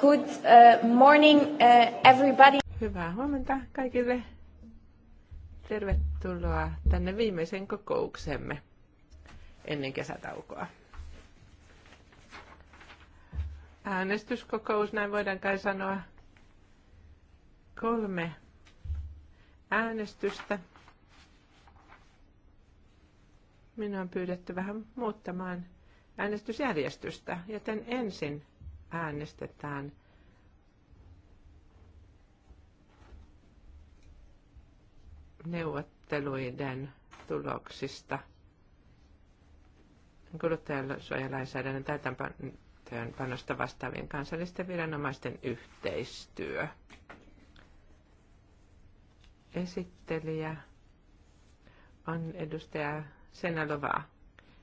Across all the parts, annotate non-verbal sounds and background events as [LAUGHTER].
Good uh, morning uh, everybody. Hyvää huomenta kaikille. Tervetuloa tänne viimeisen kokouksemme ennen kesätaukoa. Äänestyskokous, näin voidaan kai sanoa. Kolme äänestystä. Minua on pyydetty vähän muuttamaan äänestysjärjestystä, joten ensin äänestetään. neuvotteluiden tuloksista kuluttajansuojalainsäädännön täytäntöönpanosta vastaavien kansallisten viranomaisten yhteistyö. Esittelijä on edustaja Senalova.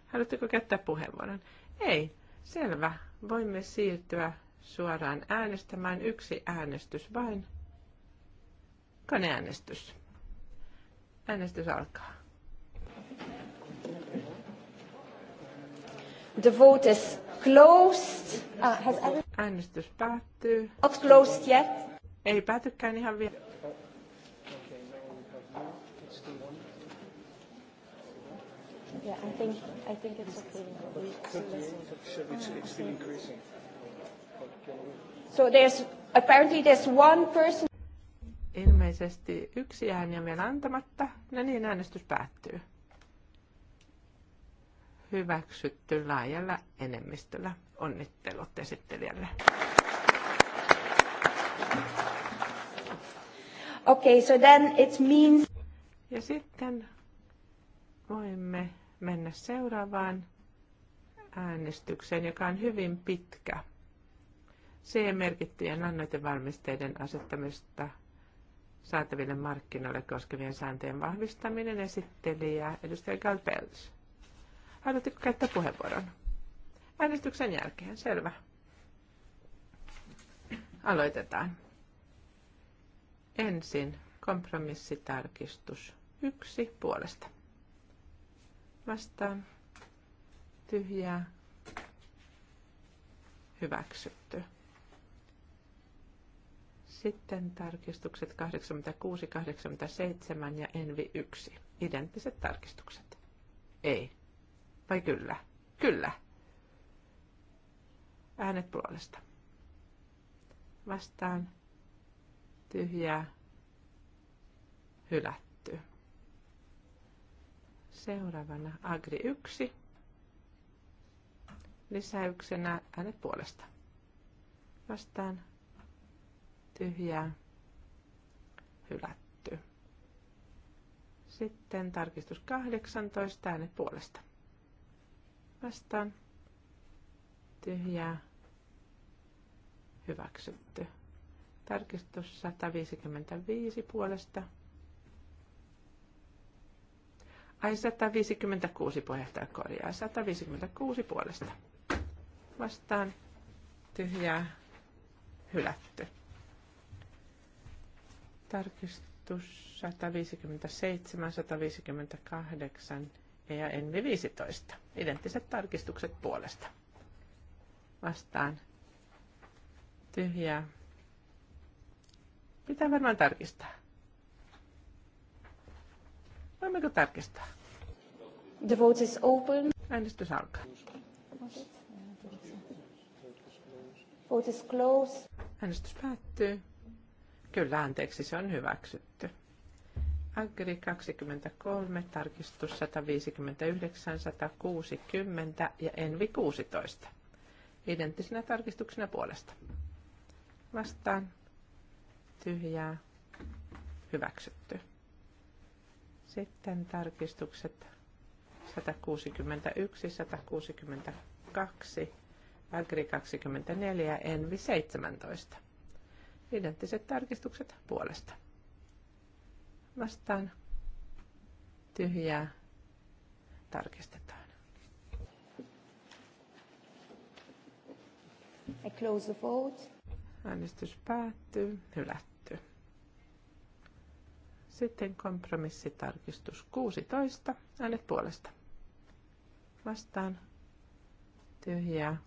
Haluatteko käyttää puheenvuoron? Ei, selvä. Voimme siirtyä suoraan äänestämään. Yksi äänestys vain. Koneäänestys. Äänestys alkaa. The vote is closed. Uh, has... Äänestys päättyy. Not closed yet. Ei päätykään ihan vielä. Yeah, I think I think it's okay. We it's, it's still increasing. So there's apparently there's one person. Ilmeisesti yksi ääni on vielä antamatta. No niin, äänestys päättyy. Hyväksytty laajalla enemmistöllä. Onnittelut esittelijälle. Okay, so then it means... Ja sitten voimme mennä seuraavaan äänestykseen, joka on hyvin pitkä. CE-merkittyjen lannoitevalmisteiden asettamista saataville markkinoille koskevien sääntöjen vahvistaminen esittelijä edustaja Galpels. Haluatteko käyttää puheenvuoron? Äänestyksen jälkeen, selvä. Aloitetaan. Ensin kompromissitarkistus yksi puolesta vastaan tyhjää hyväksytty. Sitten tarkistukset 86, 87 ja Envi 1. Identtiset tarkistukset. Ei. Vai kyllä? Kyllä. Äänet puolesta. Vastaan. Tyhjää. Hylätty. Seuraavana Agri 1. Lisäyksenä äänet puolesta. Vastaan tyhjää hylätty. Sitten tarkistus 18 äänet puolesta. Vastaan tyhjää hyväksytty. Tarkistus 155 puolesta Ai 156 puheenjohtaja korjaa. 156 puolesta. Vastaan tyhjää hylätty. Tarkistus 157, 158 ja Envi 15. Identtiset tarkistukset puolesta. Vastaan tyhjää. Pitää varmaan tarkistaa. Voimmeko tarkistaa? The vote is open. Äänestys alkaa. Vote is closed. Äänestys päättyy. Kyllä, anteeksi, se on hyväksytty. Agri 23, tarkistus 159, 160 ja Envi 16. Identtisinä tarkistuksina puolesta. Vastaan. Tyhjää. Hyväksytty. Sitten tarkistukset 161, 162, Agri 24 ja Envi 17. Identtiset tarkistukset puolesta. Vastaan tyhjää tarkistetaan. I close the vote. Äänestys päättyy. Hylätty. Sitten kompromissitarkistus 16. Äänet puolesta. Vastaan. Tyhjää.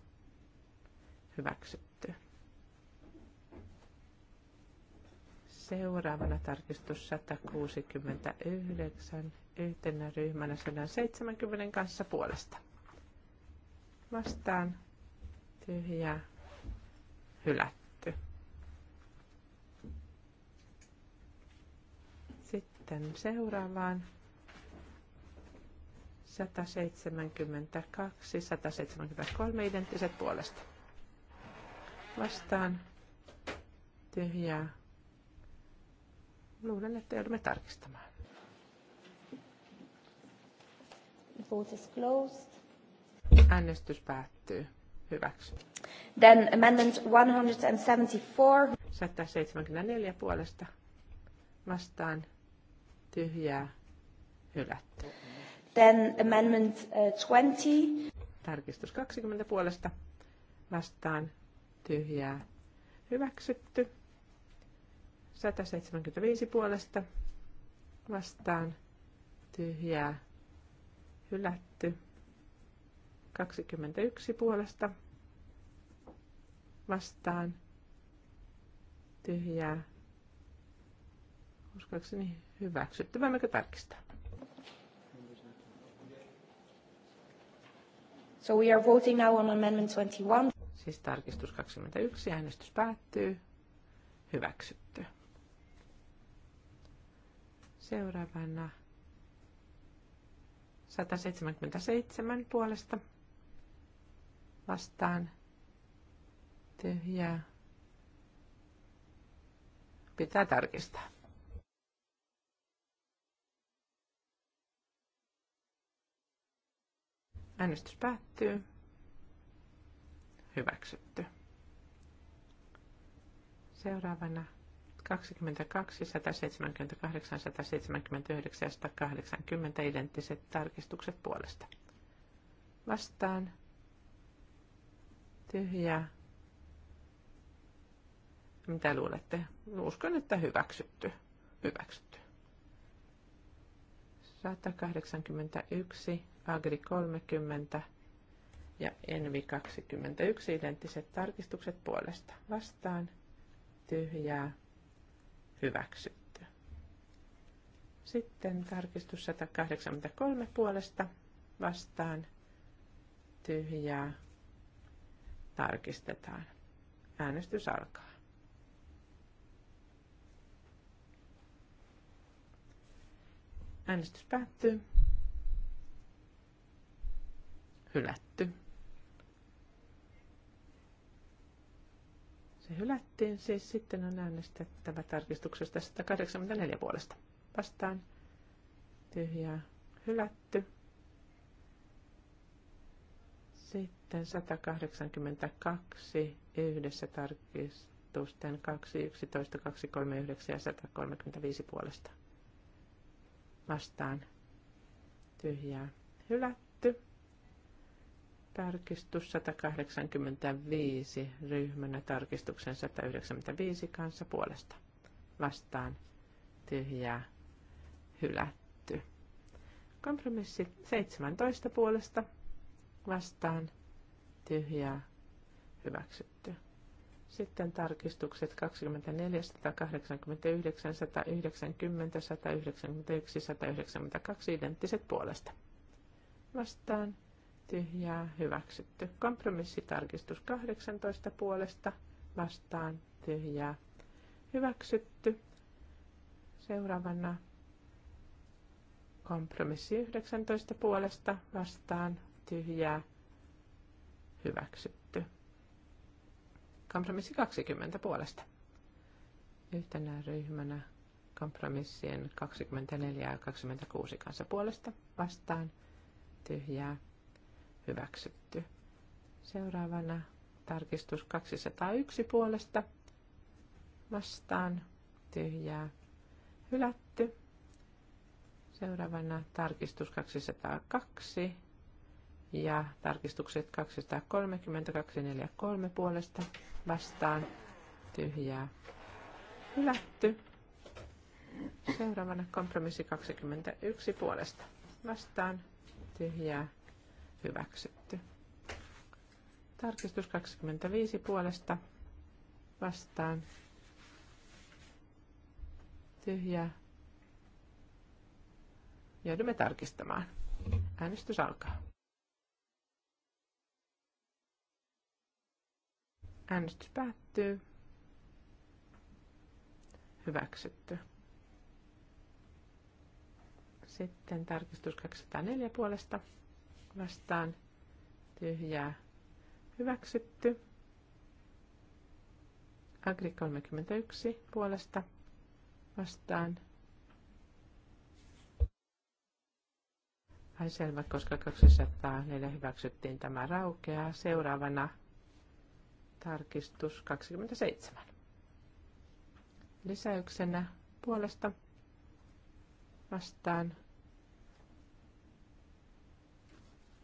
Hyväksytty. Seuraavana tarkistus 169 yhtenä ryhmänä 170 kanssa puolesta. Vastaan tyhjää hylätty. sitten seuraavaan. 172, 173 identtiset puolesta. Vastaan tyhjää. Luulen, että joudumme tarkistamaan. Vote is closed. Äänestys päättyy. Hyväksy. Then amendment 174. 174 puolesta vastaan tyhjää hylätty. Then amendment 20. Uh, Tarkistus 20 puolesta vastaan tyhjää hyväksytty. 175 puolesta vastaan tyhjää hylätty. 21 puolesta vastaan tyhjää Uskoakseni hyväksytty. Voimmeko tarkistaa? So we are voting now on amendment 21. Siis tarkistus 21. Äänestys päättyy. Hyväksytty. Seuraavana 177 puolesta vastaan tyhjää. Pitää tarkistaa. Äänestys päättyy. Hyväksytty. Seuraavana 22, 178, 179 ja 180 identtiset tarkistukset puolesta. Vastaan. tyhjä Mitä luulette? Uskon, että hyväksytty. Hyväksytty. 181, Agri 30 ja Envi 21 identtiset tarkistukset puolesta vastaan tyhjää hyväksytty. Sitten tarkistus 183 puolesta vastaan tyhjää tarkistetaan. Äänestys alkaa. Äänestys päättyy hylätty. Se hylättiin, siis sitten on äänestettävä tarkistuksesta 184 puolesta. Vastaan tyhjää hylätty. Sitten 182 yhdessä tarkistusten 2, 11, 239 ja 135 puolesta. Vastaan tyhjää hylätty. Tarkistus 185 ryhmänä tarkistuksen 195 kanssa puolesta. Vastaan tyhjää hylätty. Kompromissi 17 puolesta vastaan tyhjää hyväksytty. Sitten tarkistukset 24, 189, 190, 191, 192 identtiset puolesta. Vastaan tyhjää hyväksytty. Kompromissitarkistus 18 puolesta vastaan tyhjää hyväksytty. Seuraavana kompromissi 19 puolesta vastaan tyhjää hyväksytty. Kompromissi 20 puolesta. Yhtenä ryhmänä kompromissien 24 ja 26 kanssa puolesta vastaan tyhjää hyväksytty. Seuraavana tarkistus 201 puolesta vastaan tyhjää hylätty. Seuraavana tarkistus 202 ja tarkistukset 230, 243 puolesta vastaan tyhjää hylätty. Seuraavana kompromissi 21 puolesta vastaan tyhjää hyväksytty. Tarkistus 25 puolesta vastaan. Tyhjä. Joudumme tarkistamaan. Äänestys alkaa. Äänestys päättyy. Hyväksytty. Sitten tarkistus 204 puolesta vastaan tyhjää hyväksytty. Agri 31 puolesta vastaan. Ai selvä, koska 204 hyväksyttiin tämä raukeaa. Seuraavana tarkistus 27. Lisäyksenä puolesta vastaan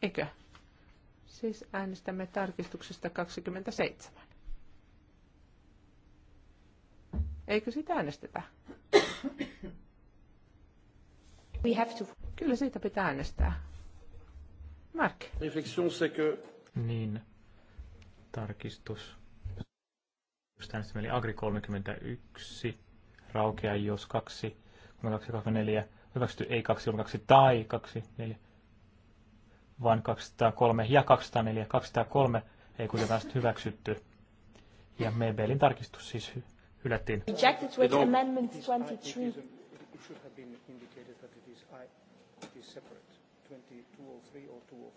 Eikö? Siis äänestämme tarkistuksesta 27. Eikö sitä äänestetä? We have to. Kyllä siitä pitää äänestää. Mark. Reflexion c'est que... Niin, tarkistus. Just äänestämme, eli Agri 31 raukea, jos 2, 2, 2, 4, hyväksytty ei 2, 2 tai 2, 4 vaan 203 ja 204. 203 ei kuitenkaan hyväksytty. Ja Mebelin tarkistus siis hylättiin. Rejected amendment 23.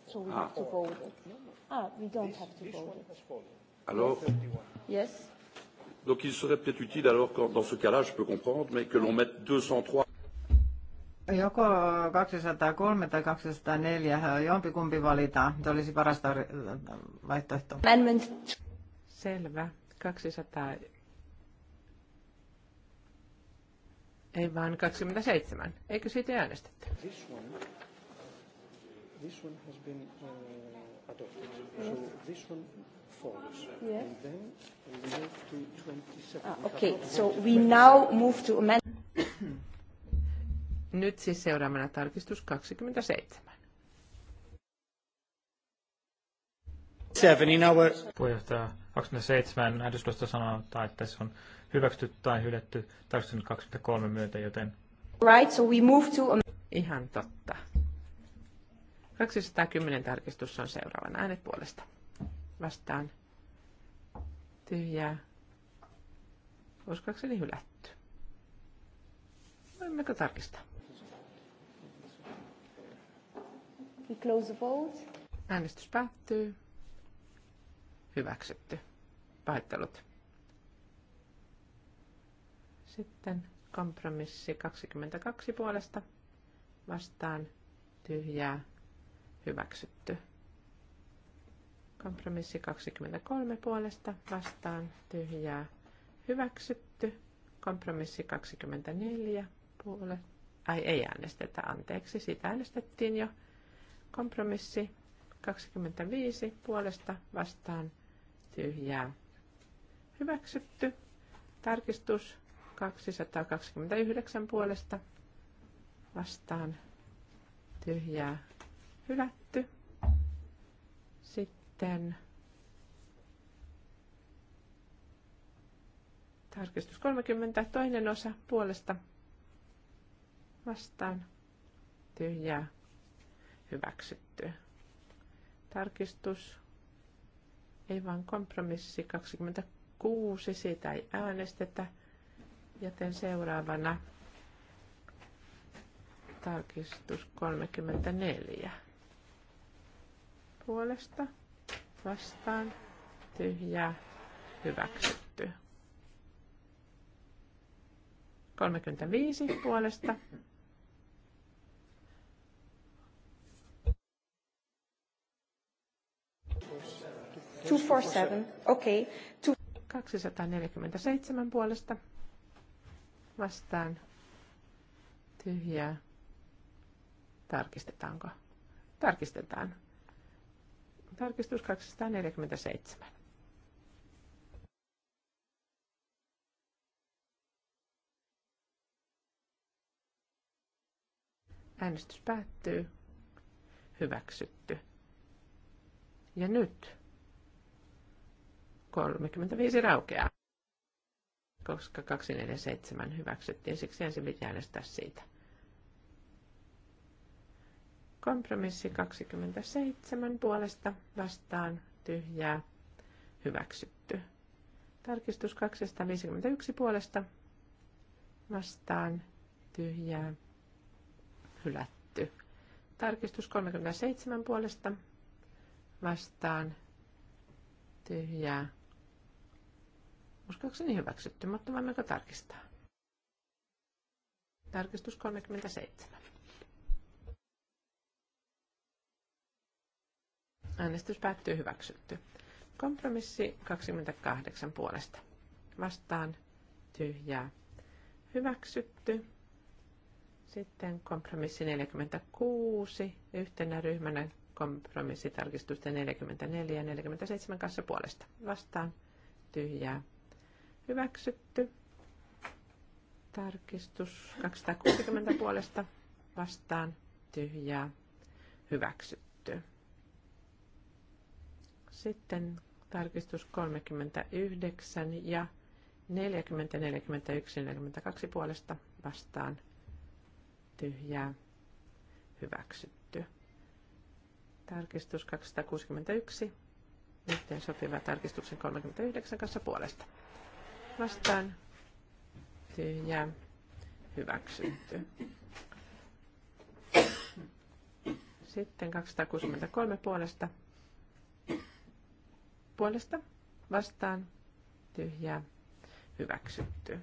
So ah. ah, we don't have to vote Alors Yes. Donc il serait peut-être utile, alors dans ce cas-là, je peux comprendre, mais que l'on mette 203. Joko 203 tai 204, jompikumpi valitaan. Se olisi parasta vaihtoehto. Selvä. 200. Ei vaan 27. Eikö siitä äänestetty? This one, this one has been uh, adopted. So this one falls. Yes. And then we move to 27. Ah, okay, so we now move to amend. [COUGHS] Nyt siis seuraavana tarkistus 27. Puheenjohtaja 27 Äänestystä sanotaan, että se on hyväksytty tai hylätty tarkistuksen 23 myötä, joten... Right, so we move to... Ihan totta. 210 tarkistus on seuraavan äänet puolesta. Vastaan tyhjää. Uskoakseni hylätty. Voimmeko tarkistaa? We close the vote. Äänestys päättyy. Hyväksytty. Pahoittelut. Sitten kompromissi 22 puolesta vastaan tyhjää hyväksytty. Kompromissi 23 puolesta vastaan tyhjää hyväksytty. Kompromissi 24 puolesta. Ai ei äänestetä, anteeksi, sitä äänestettiin jo. Kompromissi 25 puolesta vastaan tyhjää. Hyväksytty. Tarkistus 229 puolesta vastaan tyhjää. Hylätty. Sitten tarkistus 30, toinen osa puolesta vastaan tyhjää hyväksytty. Tarkistus, ei vaan kompromissi 26, siitä ei äänestetä, joten seuraavana tarkistus 34. Puolesta, vastaan, tyhjä hyväksytty. 35 puolesta 247, okei. Okay. 247 puolesta vastaan tyhjää. Tarkistetaanko? Tarkistetaan. Tarkistus 247. Äänestys päättyy. Hyväksytty. Ja nyt 35 raukeaa, koska 247 hyväksyttiin, siksi ensin piti äänestää siitä. Kompromissi 27 puolesta vastaan tyhjää hyväksytty. Tarkistus 251 puolesta vastaan tyhjää hylätty. Tarkistus 37 puolesta vastaan tyhjää Uskoakseni hyväksytty, mutta voimmeko tarkistaa? Tarkistus 37. Äänestys päättyy hyväksytty. Kompromissi 28 puolesta. Vastaan tyhjää. Hyväksytty. Sitten kompromissi 46. Yhtenä ryhmänä kompromissitarkistusten 44 ja 47 kanssa puolesta. Vastaan tyhjää. Hyväksytty. Tarkistus 260 puolesta vastaan tyhjää. Hyväksytty. Sitten tarkistus 39 ja 40, 41, 42 puolesta vastaan tyhjää hyväksytty. Tarkistus 261, yhteen sopiva tarkistuksen 39 kanssa puolesta vastaan tyhjää hyväksytty. Sitten 263 puolesta. Puolesta vastaan tyhjää hyväksytty.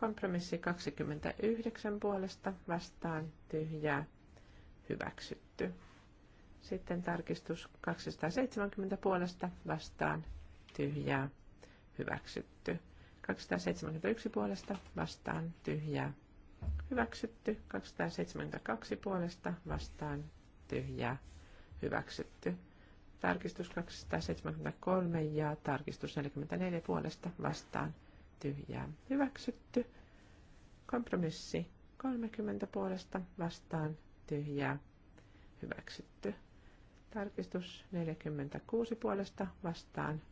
Kompromissi 29 puolesta vastaan tyhjää hyväksytty. Sitten tarkistus 270 puolesta vastaan tyhjää hyväksytty. 271 puolesta vastaan tyhjää hyväksytty. 272 puolesta vastaan tyhjää hyväksytty. Tarkistus 273 ja tarkistus 44 puolesta vastaan tyhjää hyväksytty. Kompromissi 30 puolesta vastaan tyhjää hyväksytty. Tarkistus 46 puolesta vastaan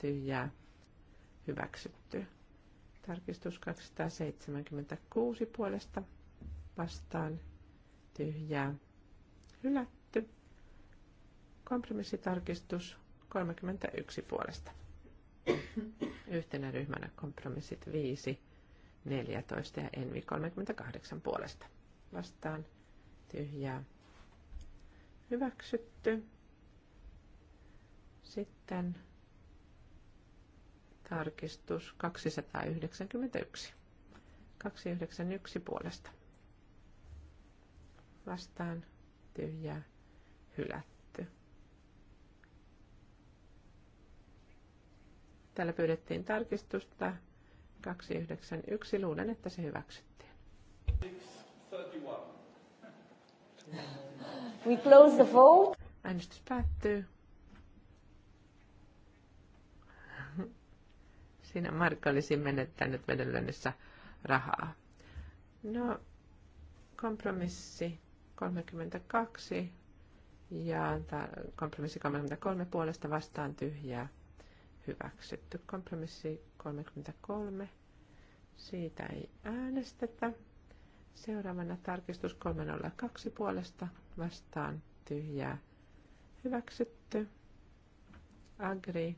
tyhjää hyväksytty. Tarkistus 276 puolesta vastaan tyhjää hylätty. Kompromissitarkistus 31 puolesta. Yhtenä ryhmänä kompromissit 5, 14 ja Envi 38 puolesta. Vastaan tyhjää hyväksytty. Sitten Tarkistus 291. 291 puolesta. Vastaan tyhjää hylätty. Täällä pyydettiin tarkistusta 291. Luulen, että se hyväksyttiin. We close the vote. Äänestys päättyy. Siinä Markka olisi menettänyt vedenlyönnissä rahaa. No, kompromissi 32 ja kompromissi 33 puolesta vastaan tyhjää hyväksytty. Kompromissi 33, siitä ei äänestetä. Seuraavana tarkistus 302 puolesta vastaan tyhjää hyväksytty. Agri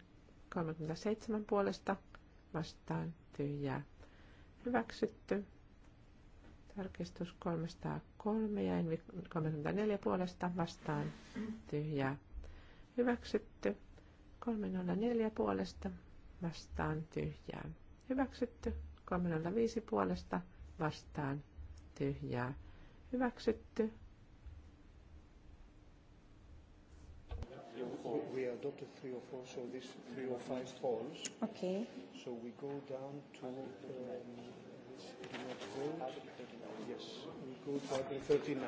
37 puolesta vastaan tyhjää hyväksytty. Tarkistus 303 ja 34 puolesta vastaan tyhjää hyväksytty. 304 puolesta vastaan tyhjää hyväksytty. 305 puolesta vastaan tyhjää hyväksytty. adopted three or four, so this three or five falls. Okay. So we go down to. Um, yes, we go to Agri 39.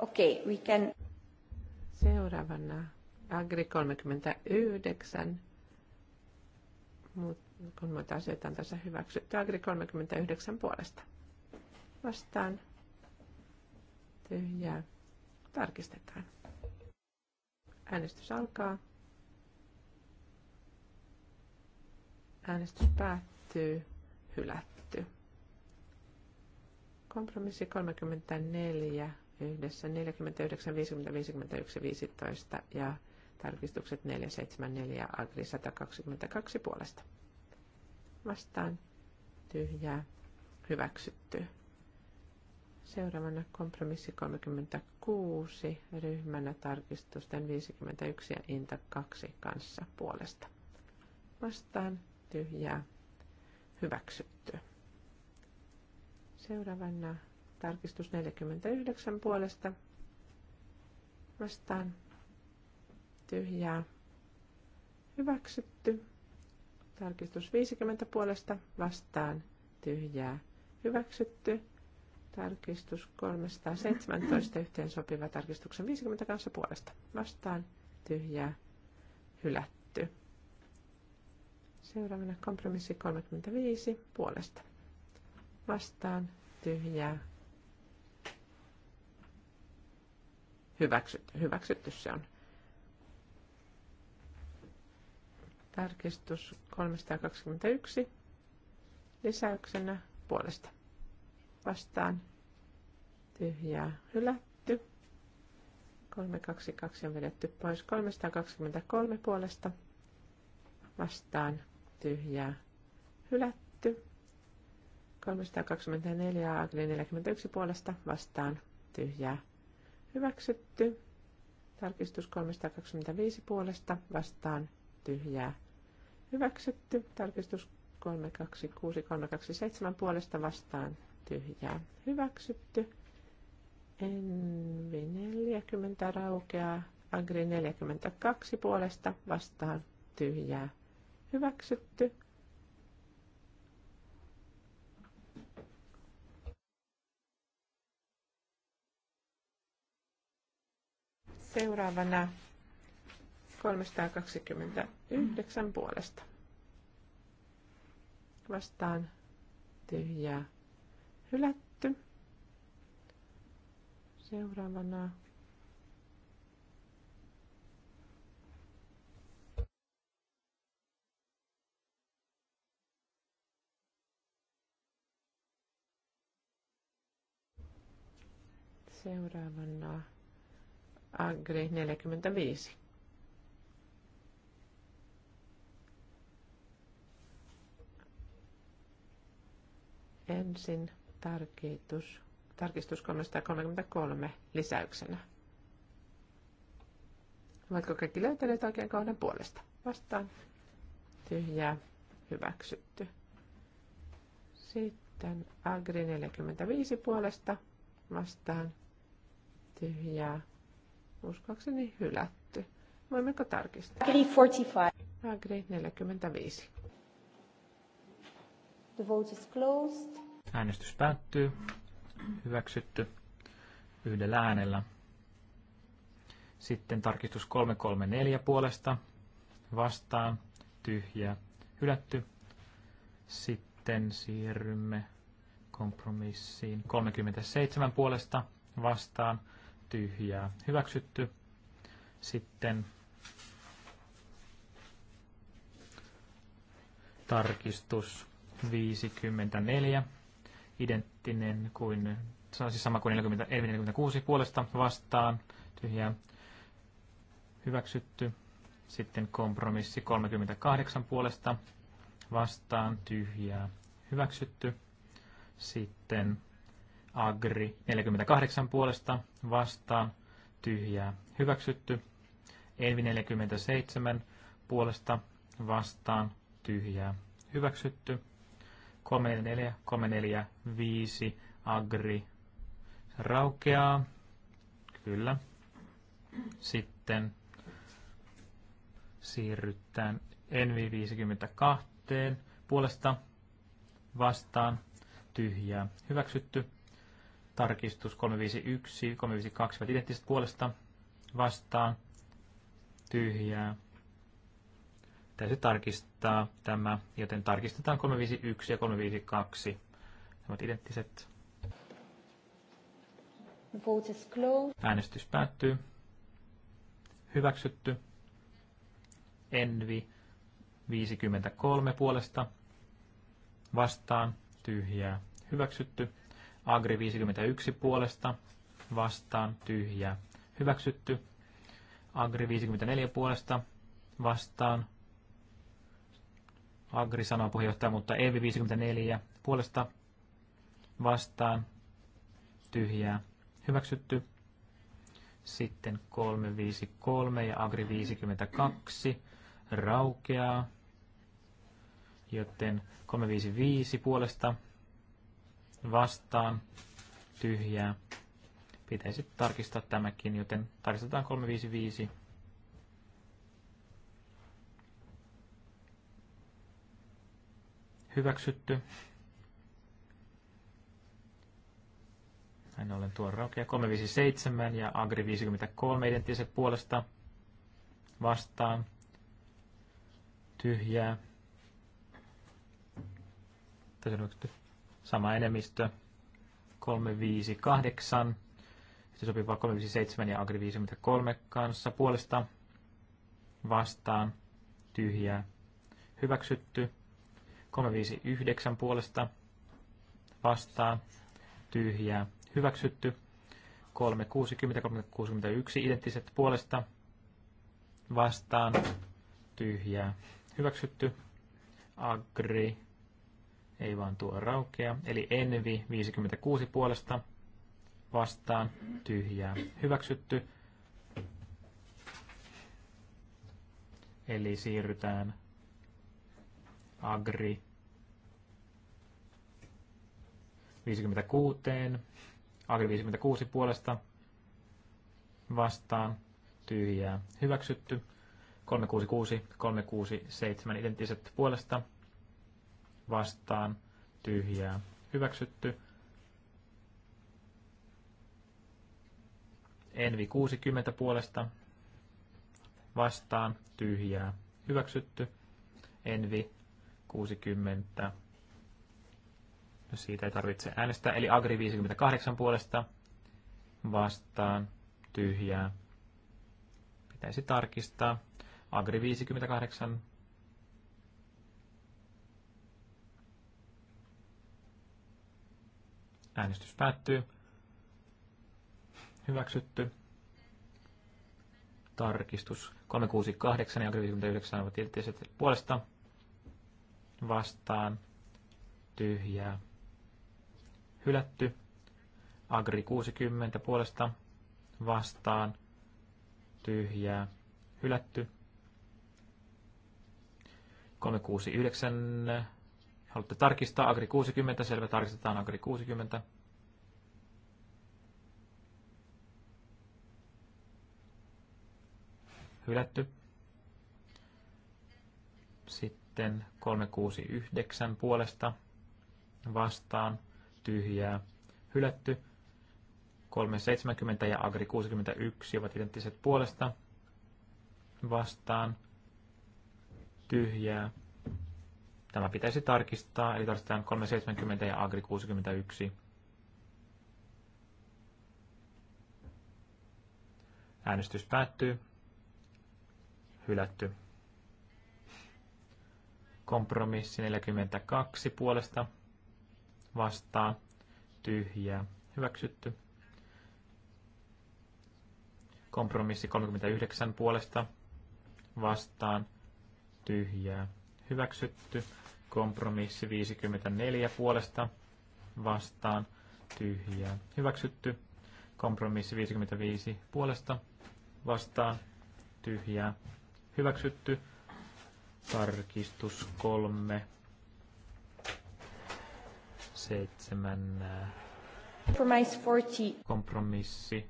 Okay, we can. Seuraavana Agri 39. Mut, kun muut asiat on tässä hyväksytty. Agri 39 puolesta. Vastaan. Tyhjää. Tarkistetaan. Äänestys alkaa. Äänestys päättyy. Hylätty. Kompromissi 34 yhdessä 49, 50, 51, 15 ja tarkistukset 474 Agri 122 puolesta. Vastaan tyhjää hyväksytty. Seuraavana kompromissi 36 ryhmänä tarkistusten 51 ja Inta 2 kanssa puolesta. Vastaan tyhjää hyväksytty. Seuraavana tarkistus 49 puolesta vastaan tyhjää hyväksytty. Tarkistus 50 puolesta vastaan tyhjää hyväksytty. Tarkistus 317 yhteen sopiva tarkistuksen 50 kanssa puolesta vastaan tyhjää hylätty. Seuraavana kompromissi 35 puolesta. Vastaan tyhjää. Hyväksytty, hyväksytty se on. Tarkistus 321 lisäyksenä puolesta. Vastaan tyhjää hylätty. 322 on vedetty pois 323 puolesta vastaan tyhjää hylätty. 324 Agri 41 puolesta vastaan tyhjää hyväksytty. Tarkistus 325 puolesta vastaan tyhjää hyväksytty. Tarkistus 326 327 puolesta vastaan tyhjää hyväksytty. Envi 40 raukeaa. Agri 42 puolesta vastaan tyhjää Hyväksytty. Seuraavana 329 puolesta. Vastaan tyhjää hylätty. Seuraavana Seuraavana Agri 45. Ensin tarkistus, tarkistus 333 lisäyksenä. Oletko kaikki löytäneet oikean kohdan puolesta? Vastaan. Tyhjää. Hyväksytty. Sitten Agri 45 puolesta vastaan tyhjää. Uskoakseni hylätty. Voimmeko tarkistaa? Agri 45. Agri 45. The vote is closed. Äänestys päättyy. Hyväksytty yhdellä äänellä. Sitten tarkistus 334 puolesta. Vastaan. Tyhjä. Hylätty. Sitten siirrymme kompromissiin 37 puolesta vastaan tyhjää hyväksytty. Sitten tarkistus 54, identtinen kuin, siis sama kuin 40, 46 puolesta vastaan, tyhjää hyväksytty. Sitten kompromissi 38 puolesta vastaan, tyhjää hyväksytty. Sitten Agri 48 puolesta vastaan tyhjää hyväksytty. Envi 47 puolesta vastaan tyhjää hyväksytty. 34, 345 Agri raukeaa. Kyllä. Sitten siirrytään Envi 52 puolesta vastaan tyhjää hyväksytty. Tarkistus 351, 352 ovat identtiset puolesta vastaan. Tyhjää. Täytyy tarkistaa tämä, joten tarkistetaan 351 ja 352. Ne ovat identtiset. Äänestys päättyy. Hyväksytty. Envi 53 puolesta vastaan tyhjää hyväksytty. Agri 51 puolesta vastaan tyhjää. Hyväksytty. Agri 54 puolesta vastaan. Agri sanoo puheenjohtaja, mutta Evi 54 puolesta vastaan tyhjää. Hyväksytty. Sitten 353 ja Agri 52 raukeaa, joten 355 puolesta vastaan tyhjää. Pitäisi tarkistaa tämäkin, joten tarkistetaan 355. Hyväksytty. Näin ollen tuo raukea 357 ja Agri 53 identtiset puolesta vastaan. Tyhjää. Tässä on sama enemmistö, 358, sitten sopivaa 357 ja Agri 53 kanssa puolesta vastaan, tyhjää, hyväksytty, 359 puolesta vastaan, tyhjää, hyväksytty, 360, 361 identtiset puolesta vastaan, tyhjää, hyväksytty, Agri ei vaan tuo raukea. Eli Envi 56 puolesta vastaan tyhjää. Hyväksytty. Eli siirrytään Agri 56. Agri 56 puolesta vastaan tyhjää. Hyväksytty. 366, 367 identtiset puolesta vastaan tyhjää hyväksytty. Envi 60 puolesta vastaan tyhjää hyväksytty. Envi 60. No siitä ei tarvitse äänestää. Eli Agri 58 puolesta vastaan tyhjää. Pitäisi tarkistaa. Agri 58 Äänestys päättyy. Hyväksytty. Tarkistus 368 ja 59 ovat tietysti puolesta. Vastaan. Tyhjää. Hylätty. Agri 60 puolesta. Vastaan. Tyhjää. Hylätty. 369 Haluatte tarkistaa Agri 60, selvä, tarkistetaan Agri 60. Hylätty. Sitten 369 puolesta vastaan tyhjää. Hylätty. 370 ja Agri 61 ovat identtiset puolesta vastaan tyhjää Tämä pitäisi tarkistaa, eli tarkistetaan 370 ja Agri 61. Äänestys päättyy. Hylätty. Kompromissi 42 puolesta. Vastaa. Tyhjää. Hyväksytty. Kompromissi 39 puolesta. Vastaan. Tyhjää hyväksytty. Kompromissi 54 puolesta vastaan tyhjää hyväksytty. Kompromissi 55 puolesta vastaan tyhjää hyväksytty. Tarkistus 3 7 Kompromissi 40. Kompromissi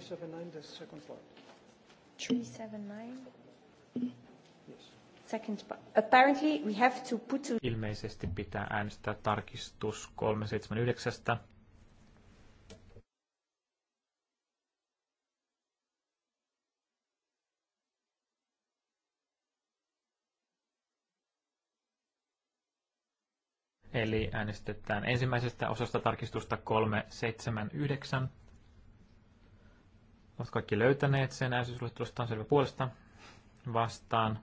379, the second part. 379. Yes. Second part. Apparently we have to put Ilmeisesti pitää äänestää tarkistus 379. Eli äänestetään ensimmäisestä osasta tarkistusta 379. Ovat kaikki löytäneet sen äänestysluettelostaan selvä puolesta vastaan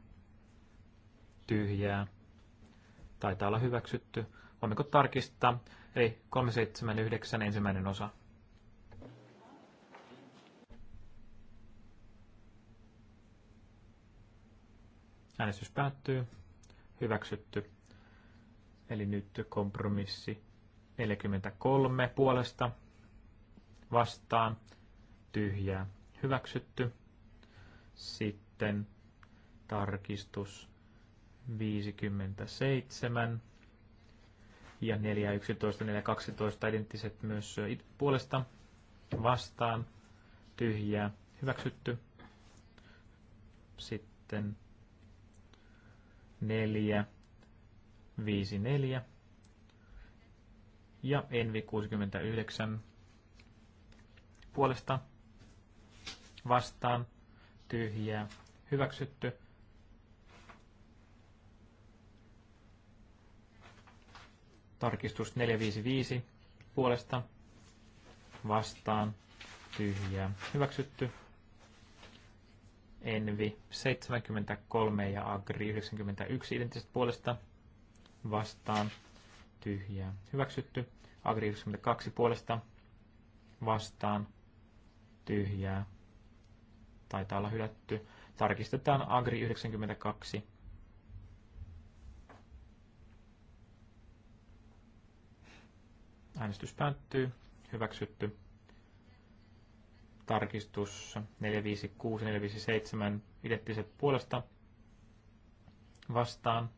tyhjää. Taitaa olla hyväksytty. Voimmeko tarkistaa? Ei, 379 ensimmäinen osa. Äänestys päättyy. Hyväksytty. Eli nyt kompromissi 43 puolesta vastaan tyhjää hyväksytty. Sitten tarkistus 57 ja 4, 11, 4, 12 identtiset myös puolesta vastaan tyhjää hyväksytty. Sitten 4, 5, 4 ja Envi 69 puolesta vastaan tyhjää hyväksytty. Tarkistus 455 puolesta vastaan tyhjää hyväksytty. Envi 73 ja Agri 91 identtiset puolesta vastaan tyhjää hyväksytty. Agri 92 puolesta vastaan tyhjää taitaa olla hylätty. Tarkistetaan Agri 92. Äänestys päättyy. Hyväksytty. Tarkistus 456, 457. Identtiset puolesta vastaan.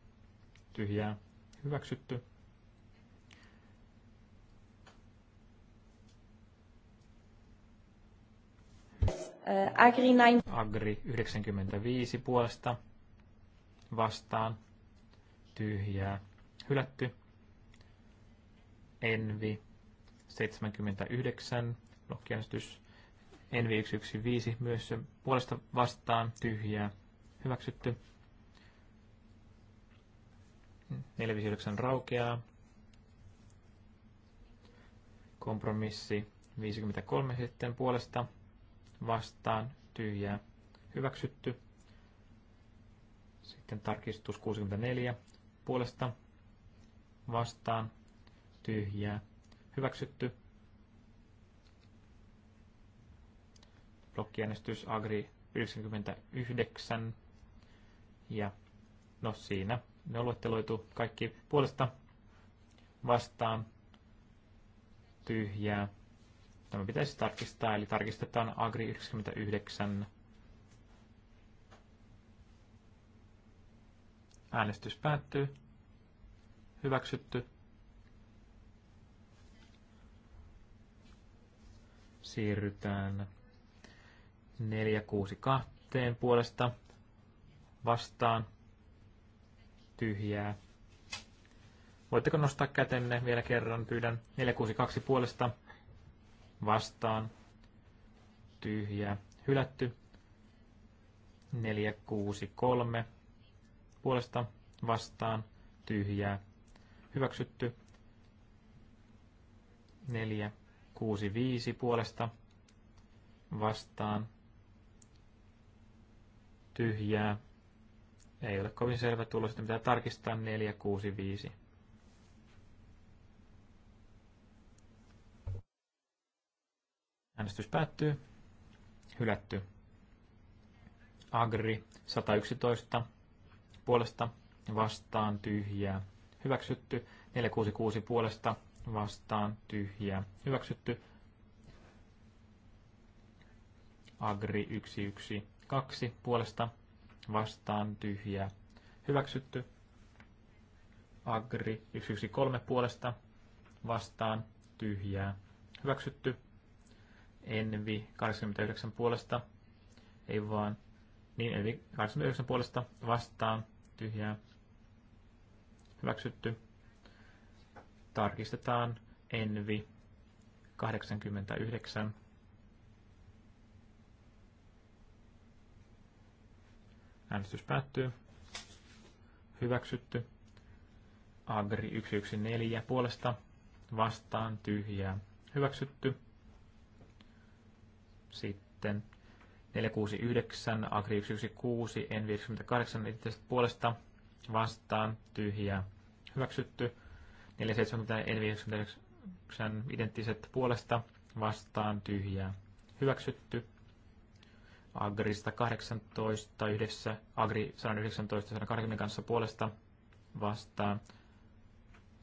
Tyhjää. Hyväksytty. Agri, 9... Agri 95 puolesta vastaan. Tyhjää. Hylätty. Envi 79. Blokkiäänestys. Envi 115 myös puolesta vastaan. Tyhjää. Hyväksytty. 459 raukeaa. Kompromissi 53 sitten puolesta vastaan tyhjää hyväksytty. Sitten tarkistus 64 puolesta vastaan tyhjää hyväksytty. Blokkiäänestys Agri 99 ja no siinä ne on luetteloitu kaikki puolesta vastaan tyhjää Tämä pitäisi tarkistaa, eli tarkistetaan Agri 99. Äänestys päättyy. Hyväksytty. Siirrytään 462 puolesta vastaan tyhjää. Voitteko nostaa kätenne vielä kerran? Pyydän 462 puolesta vastaan, Tyhjä, hylätty. 463 puolesta vastaan, tyhjää, hyväksytty. 465 puolesta vastaan, tyhjää. Ei ole kovin selvä tulos, että pitää tarkistaa 465. Äänestys päättyy. Hylätty. Agri 111 puolesta vastaan tyhjää. Hyväksytty. 466 puolesta vastaan tyhjää. Hyväksytty. Agri 112 puolesta vastaan tyhjää. Hyväksytty. Agri 113 puolesta vastaan tyhjää. Hyväksytty. Envi 89 puolesta, ei vaan, niin Envi 89 puolesta vastaan, tyhjää, hyväksytty. Tarkistetaan Envi 89. Äänestys päättyy. Hyväksytty. Agri 114 puolesta vastaan tyhjää. Hyväksytty. Sitten 469, Agri 116, N 58 puolesta vastaan tyhjä, hyväksytty. 470, N 59 identtiset puolesta vastaan tyhjä, hyväksytty. Agri 18 yhdessä Agri 119 120 kanssa puolesta vastaan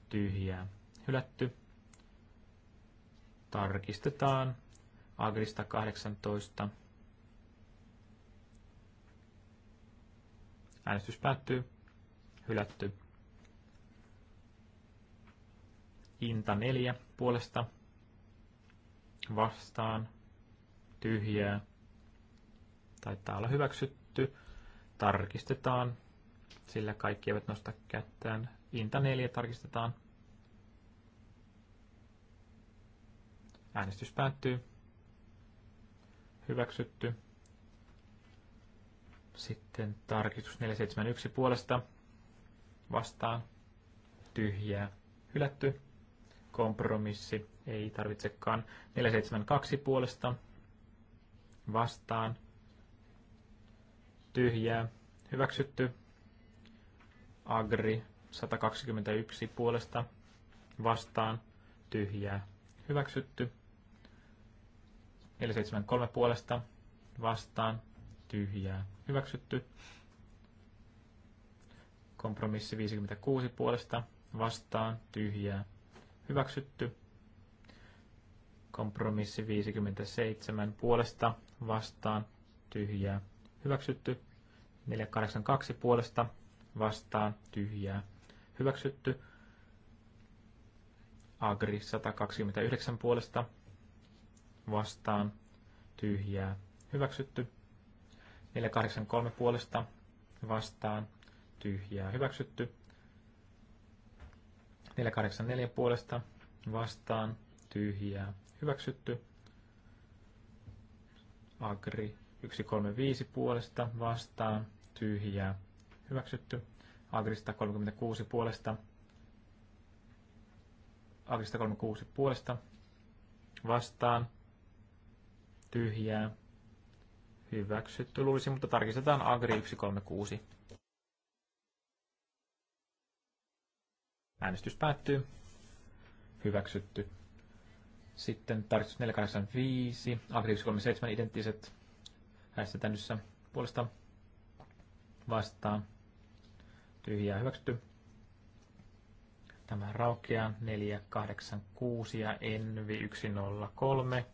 tyhjä, hylätty. Tarkistetaan Agrista 18. Äänestys päättyy. Hylätty. Inta 4 puolesta. Vastaan. Tyhjää. Taitaa olla hyväksytty. Tarkistetaan. Sillä kaikki eivät nosta kättään. Inta 4 tarkistetaan. Äänestys päättyy hyväksytty. Sitten tarkistus 471 puolesta vastaan tyhjää hylätty. Kompromissi ei tarvitsekaan 472 puolesta vastaan tyhjää hyväksytty. Agri 121 puolesta vastaan tyhjää hyväksytty. 473 puolesta vastaan tyhjää hyväksytty. Kompromissi 56 puolesta vastaan tyhjää hyväksytty. Kompromissi 57 puolesta vastaan tyhjää hyväksytty. 482 puolesta vastaan tyhjää hyväksytty. Agri 129 puolesta vastaan tyhjää hyväksytty. 483 puolesta vastaan tyhjää hyväksytty. 484 puolesta vastaan tyhjää hyväksytty. Agri 135 puolesta vastaan tyhjää hyväksytty. Agri 136 puolesta Agri 136 puolesta vastaan tyhjää, hyväksytty luulisi, mutta tarkistetaan Agri 136. Äänestys päättyy. Hyväksytty. Sitten tarkistus 485, Agri 137 identtiset häistetännyssä puolesta vastaan. Tyhjää hyväksytty. Tämä raukeaa 486 ja Envi 103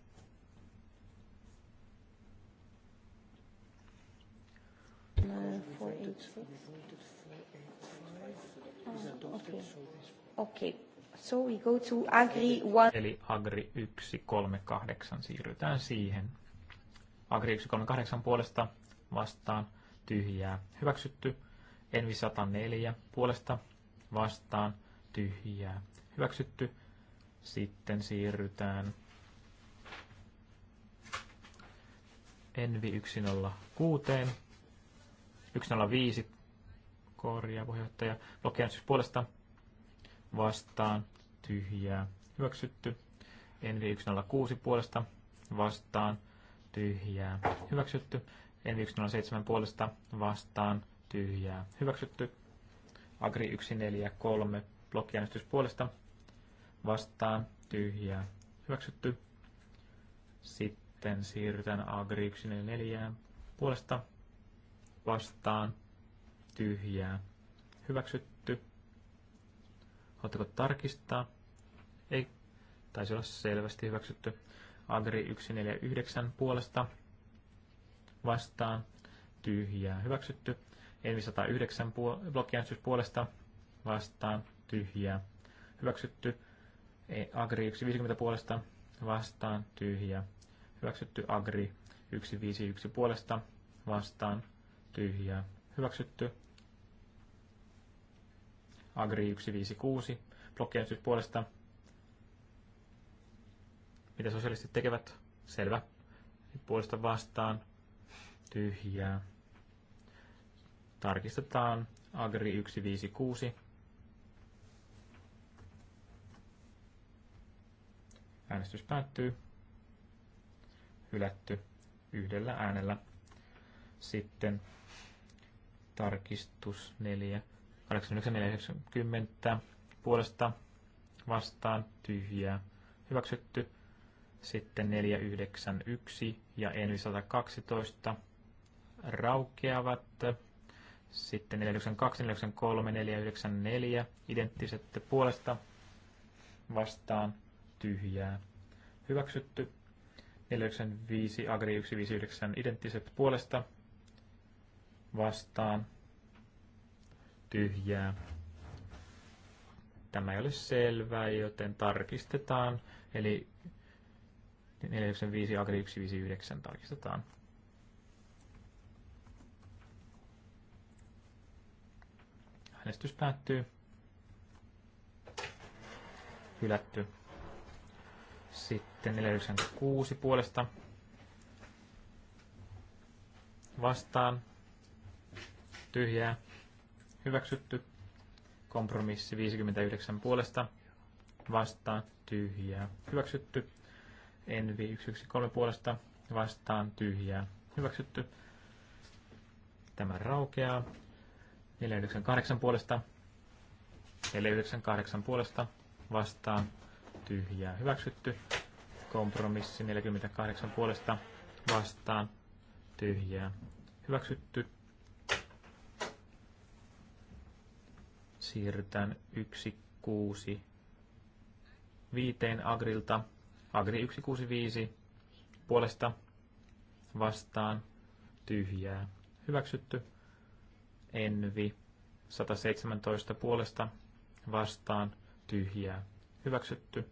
Ah, okay. So we go to Agri 1. Eli Agri 138 siirrytään siihen. Agri 138 puolesta vastaan tyhjää hyväksytty. Envi 104 puolesta vastaan tyhjää hyväksytty. Sitten siirrytään Envi 106 105 korjaa puheenjohtaja. siis puolesta vastaan tyhjää hyväksytty. Envi 106 puolesta vastaan tyhjää hyväksytty. Envi 107 puolesta vastaan tyhjää hyväksytty. Agri 143 blokkiäänestys puolesta vastaan tyhjää hyväksytty. Sitten siirrytään Agri 144 puolesta vastaan tyhjää hyväksytty. Haluatteko tarkistaa? Ei, taisi olla selvästi hyväksytty. Adri 149 puolesta vastaan tyhjää hyväksytty. Envi 109 puol- blokkiäänestys puolesta vastaan tyhjää hyväksytty. E, Agri 150 puolesta vastaan tyhjää hyväksytty. Agri 151 puolesta vastaan tyhjää hyväksytty. Agri 156 syyt puolesta. Mitä sosialistit tekevät? Selvä. Puolesta vastaan. Tyhjää. Tarkistetaan. Agri 156. Äänestys päättyy. Hylätty yhdellä äänellä. Sitten tarkistus 4, 89, puolesta vastaan tyhjää hyväksytty. Sitten 491 ja Envi 112 raukeavat. Sitten 492, 493, 494 identtiset puolesta vastaan tyhjää hyväksytty. 495 Agri 159 identtiset puolesta vastaan tyhjää. Tämä ei ole selvää, joten tarkistetaan. Eli 495 Agri 159 tarkistetaan. Äänestys päättyy. Hylätty. Sitten 496 puolesta vastaan tyhjää, hyväksytty. Kompromissi 59 puolesta, vastaan, tyhjää, hyväksytty. Envi 113 puolesta, vastaan, tyhjää, hyväksytty. Tämä raukeaa. 498 puolesta, 498 puolesta, vastaan, tyhjää, hyväksytty. Kompromissi 48 puolesta, vastaan, tyhjää, hyväksytty. siirrytään 165 Agrilta. Agri 165 puolesta vastaan tyhjää. Hyväksytty. Envi 117 puolesta vastaan tyhjää. Hyväksytty.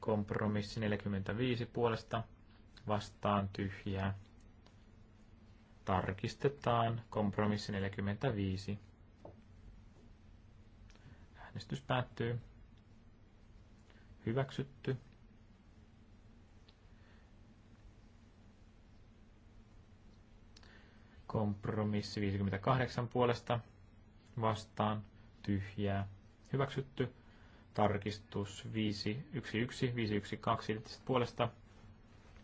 Kompromissi 45 puolesta vastaan tyhjää. Tarkistetaan kompromissi 45. Äänestys päättyy. Hyväksytty. Kompromissi 58 puolesta vastaan tyhjää. Hyväksytty. Tarkistus 511, 512 puolesta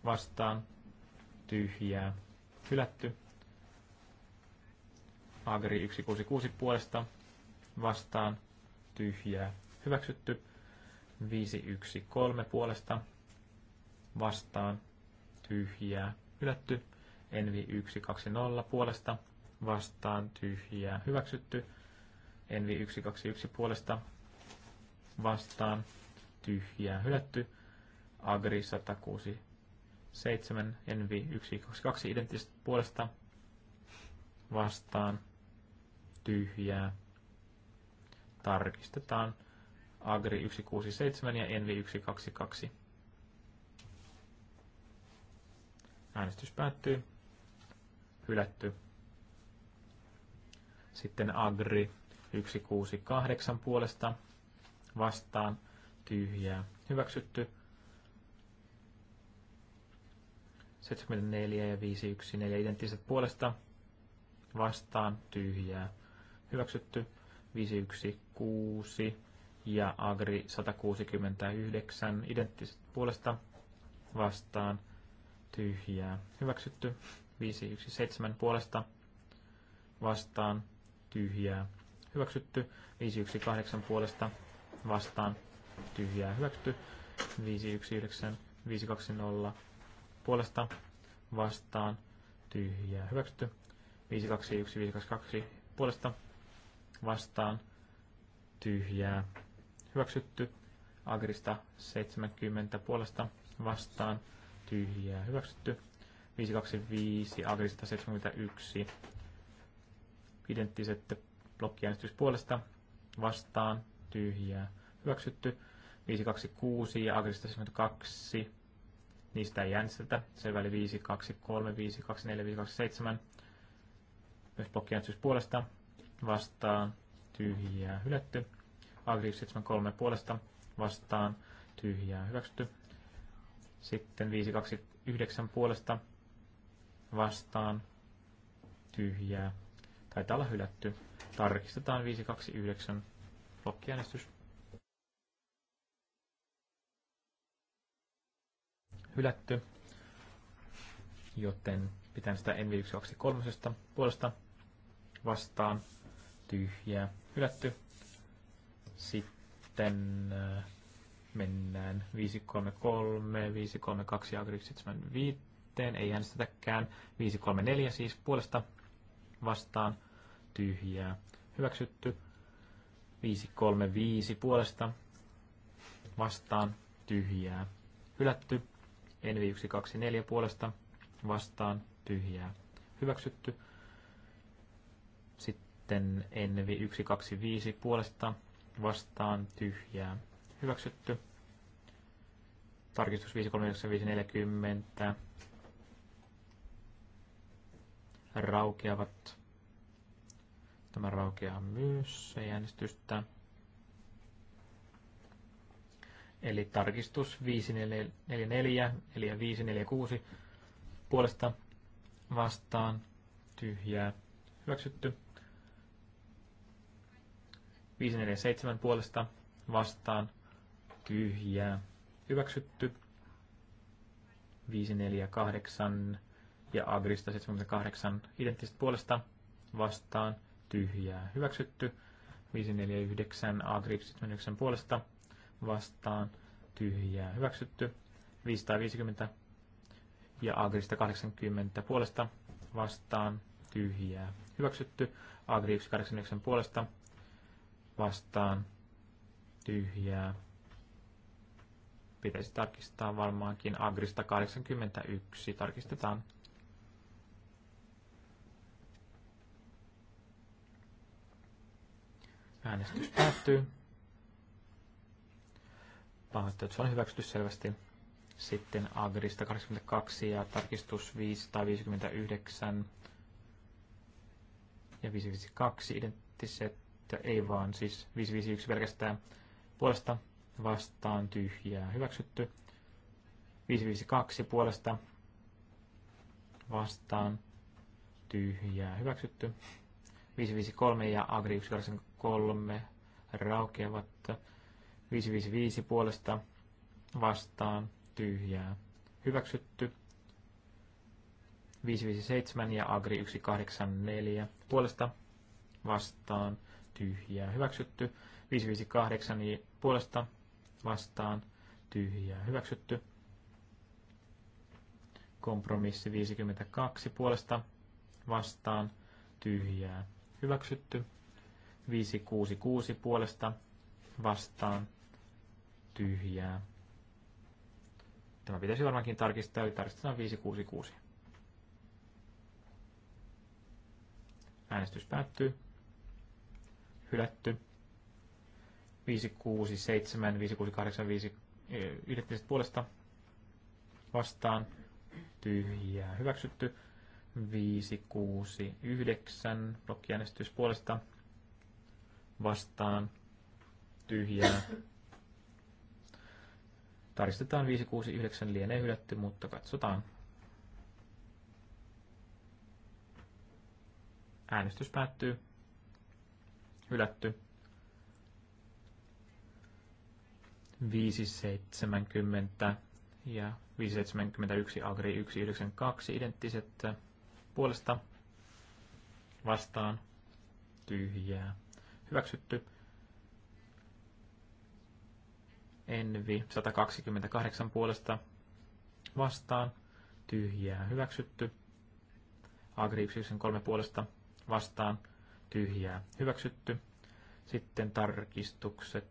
vastaan tyhjää. Hylätty. Agri 166 puolesta vastaan tyhjää hyväksytty. 513 puolesta vastaan tyhjää hylätty. Envi 120 puolesta vastaan tyhjää hyväksytty. Envi 121 puolesta vastaan tyhjää hylätty. Agri 106 7, Envi 122 identtisestä puolesta vastaan tyhjää tarkistetaan Agri 167 ja Envi 122. Äänestys päättyy. Hylätty. Sitten Agri 168 puolesta vastaan tyhjää. Hyväksytty. 74 ja 514 identtiset puolesta vastaan tyhjää. Hyväksytty. 516 ja Agri 169 identtiset puolesta vastaan tyhjää. Hyväksytty 517 puolesta vastaan tyhjää. Hyväksytty 518 puolesta vastaan tyhjää. Hyväksytty 519 520 puolesta vastaan tyhjää. Hyväksytty 521 522 puolesta vastaan tyhjää hyväksytty. Agrista 70 puolesta vastaan tyhjää hyväksytty. 525 Agrista 71 identtiset blokkiäänestys puolesta vastaan tyhjää hyväksytty. 526 ja Agrista 72 niistä ei äänestetä. Se väli 523, 524, 527 myös blokkiäänestys puolesta vastaan tyhjää hylätty. Agri 73 puolesta vastaan tyhjää hyväksytty. Sitten 529 puolesta vastaan tyhjää. Taitaa olla hylätty. Tarkistetaan 529 blokkiäänestys. Hylätty. Joten pitää sitä n 3 puolesta vastaan tyhjää, hylätty. Sitten äh, mennään 533, 532 ja 175. ei äänestetäkään. 534 siis puolesta vastaan, tyhjää, hyväksytty. 535 puolesta vastaan, tyhjää, hylätty. Envi 124 puolesta vastaan, tyhjää, hyväksytty. Sitten sitten Envi 125 puolesta vastaan tyhjää hyväksytty. Tarkistus 539 raukeavat. Tämä raukeaa myös se äänestystä. Eli tarkistus 544 eli 546 puolesta vastaan tyhjää hyväksytty. 547 puolesta vastaan tyhjää. Hyväksytty. 548 ja Agrista 78 identtiset puolesta vastaan tyhjää. Hyväksytty. 549 Agrista 79 puolesta vastaan tyhjää. Hyväksytty. 550 ja Agrista 80 puolesta vastaan tyhjää. Hyväksytty. Agri 189 puolesta vastaan tyhjää. Pitäisi tarkistaa varmaankin Agrista 81. Tarkistetaan. Äänestys päättyy. Pahoittelut, se on hyväksytty selvästi. Sitten Agrista 82 ja tarkistus 559 ja 552 identtiset että ei vaan siis 551 pelkästään puolesta vastaan tyhjää hyväksytty. 552 puolesta vastaan tyhjää hyväksytty. 553 ja Agri 183 raukeavat. 555 puolesta vastaan tyhjää hyväksytty. 557 ja Agri 184 puolesta vastaan tyhjää tyhjää hyväksytty. 558 niin puolesta vastaan tyhjää hyväksytty. Kompromissi 52 puolesta vastaan tyhjää hyväksytty. 566 puolesta vastaan tyhjää. Tämä pitäisi varmaankin tarkistaa, eli tarkistetaan 566. Äänestys päättyy hylätty. 567, 568, 5, identtiset puolesta vastaan, tyhjää hyväksytty. 569, blokkiäänestys puolesta vastaan, tyhjää. Tarkistetaan 569 lienee hylätty, mutta katsotaan. Äänestys päättyy. Hylätty. 570 ja 571 Agri 192 identtiset puolesta vastaan tyhjää. Hyväksytty. Envi 128 puolesta vastaan tyhjää. Hyväksytty. Agri 193 puolesta vastaan tyhjää hyväksytty. Sitten tarkistukset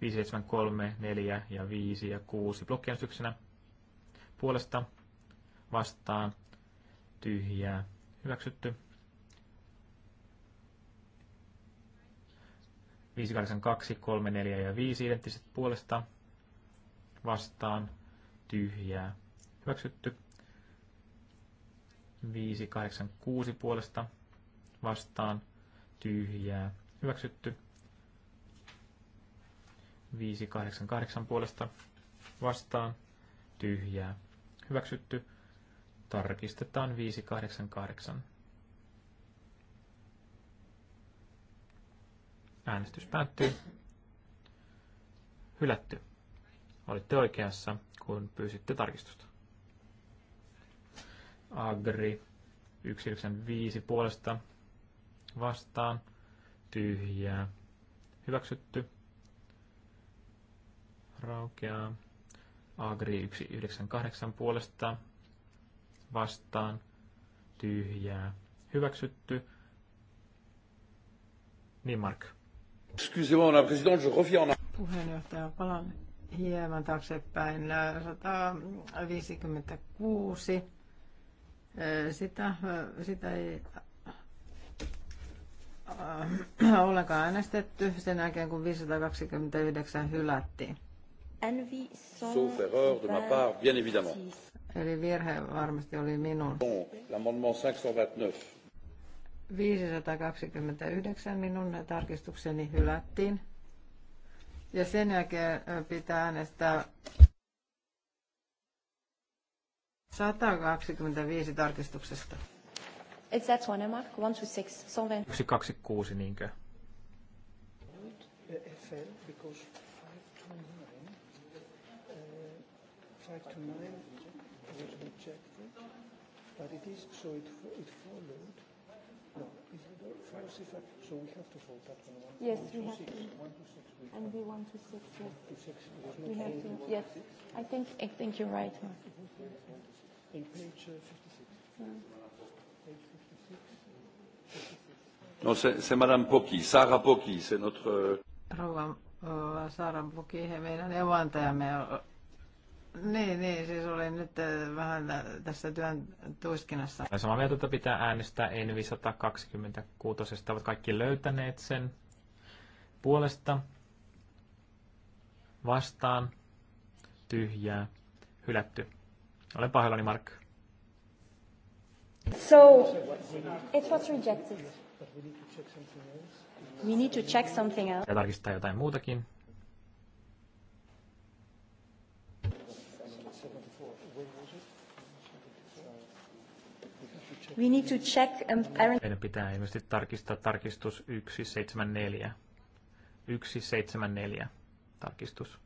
573, äh, 4 ja 5 ja 6 blokkiäänestyksenä puolesta vastaan tyhjää hyväksytty. 582, 3, 4 ja 5 identtiset puolesta vastaan tyhjää hyväksytty. 586 puolesta vastaan tyhjää hyväksytty. 588 puolesta vastaan tyhjää hyväksytty. Tarkistetaan 588. Äänestys päättyy. Hylätty. Olitte oikeassa, kun pyysitte tarkistusta. Agri 195 puolesta vastaan, tyhjää, hyväksytty, raukeaa, agri 198 puolesta, vastaan, tyhjää, hyväksytty, niin Mark. Puheenjohtaja, palaan hieman taaksepäin. 156. Sitä, sitä ei Äh, [CLEARS THROAT] ollenkaan äänestetty sen jälkeen, kun 529 hylättiin. Sauf erreur de ma part, bien évidemment. Eli virhe varmasti oli minun. Bon, l'amendement 529. 529 minun tarkistukseni hylättiin. Ja sen jälkeen pitää äänestää 125 tarkistuksesta. It's that one, eh, Mark? 126, 126, uh, it is, so yes, no, we have to. and we want to six, yes. we have to, yes. I think, I think you're right, In page 56. Uh, yeah. No se, se Madame Poki, Saara Poki, se notre... Euh, rouva Saara Poki, he meidän neuvontajamme. Niin, niin, siis olin nyt äh, vähän äh, tässä työn tuiskinnassa. Samaa mieltä, että pitää äänestää en Envi 126. Ovat kaikki löytäneet sen puolesta vastaan tyhjää hylätty. Olen pahoillani, Mark. So, it was rejected. We need to check something else. Ja tarkistaa jotain muutakin. We need to check um, parent... Meidän pitää ilmeisesti tarkistaa tarkistus 174. 174 tarkistus.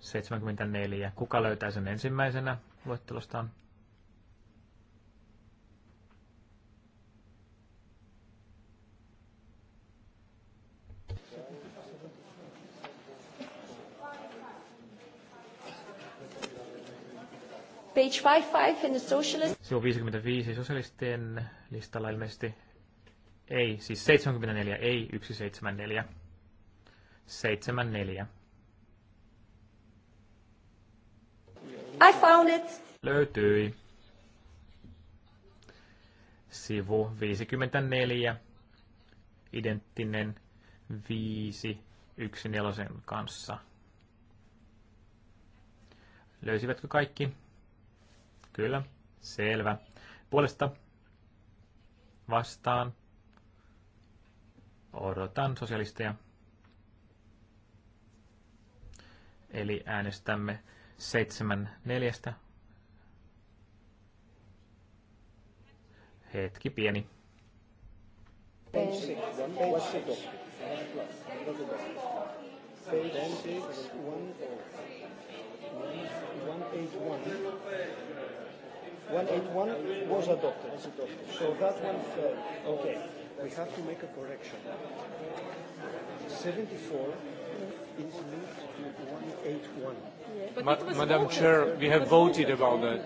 74. Kuka löytää sen ensimmäisenä luettelostaan? Page 55 in the socialist. Sivu 55 sosialistien listalla ilmeisesti ei, siis 74, ei 174. 74. I found it. Löytyi. Sivu 54. Identtinen 5 1 4 kanssa. Löysivätkö kaikki? Kyllä, selvä. Puolesta vastaan. Odotan sosialisteja. Eli äänestämme seitsemän neljästä. Hetki pieni. Page 181 was adopted. So that one fell. Okay. We have to make a correction. 74 is linked to 181. Yeah, Ma- Madam Chair, we have voted about that.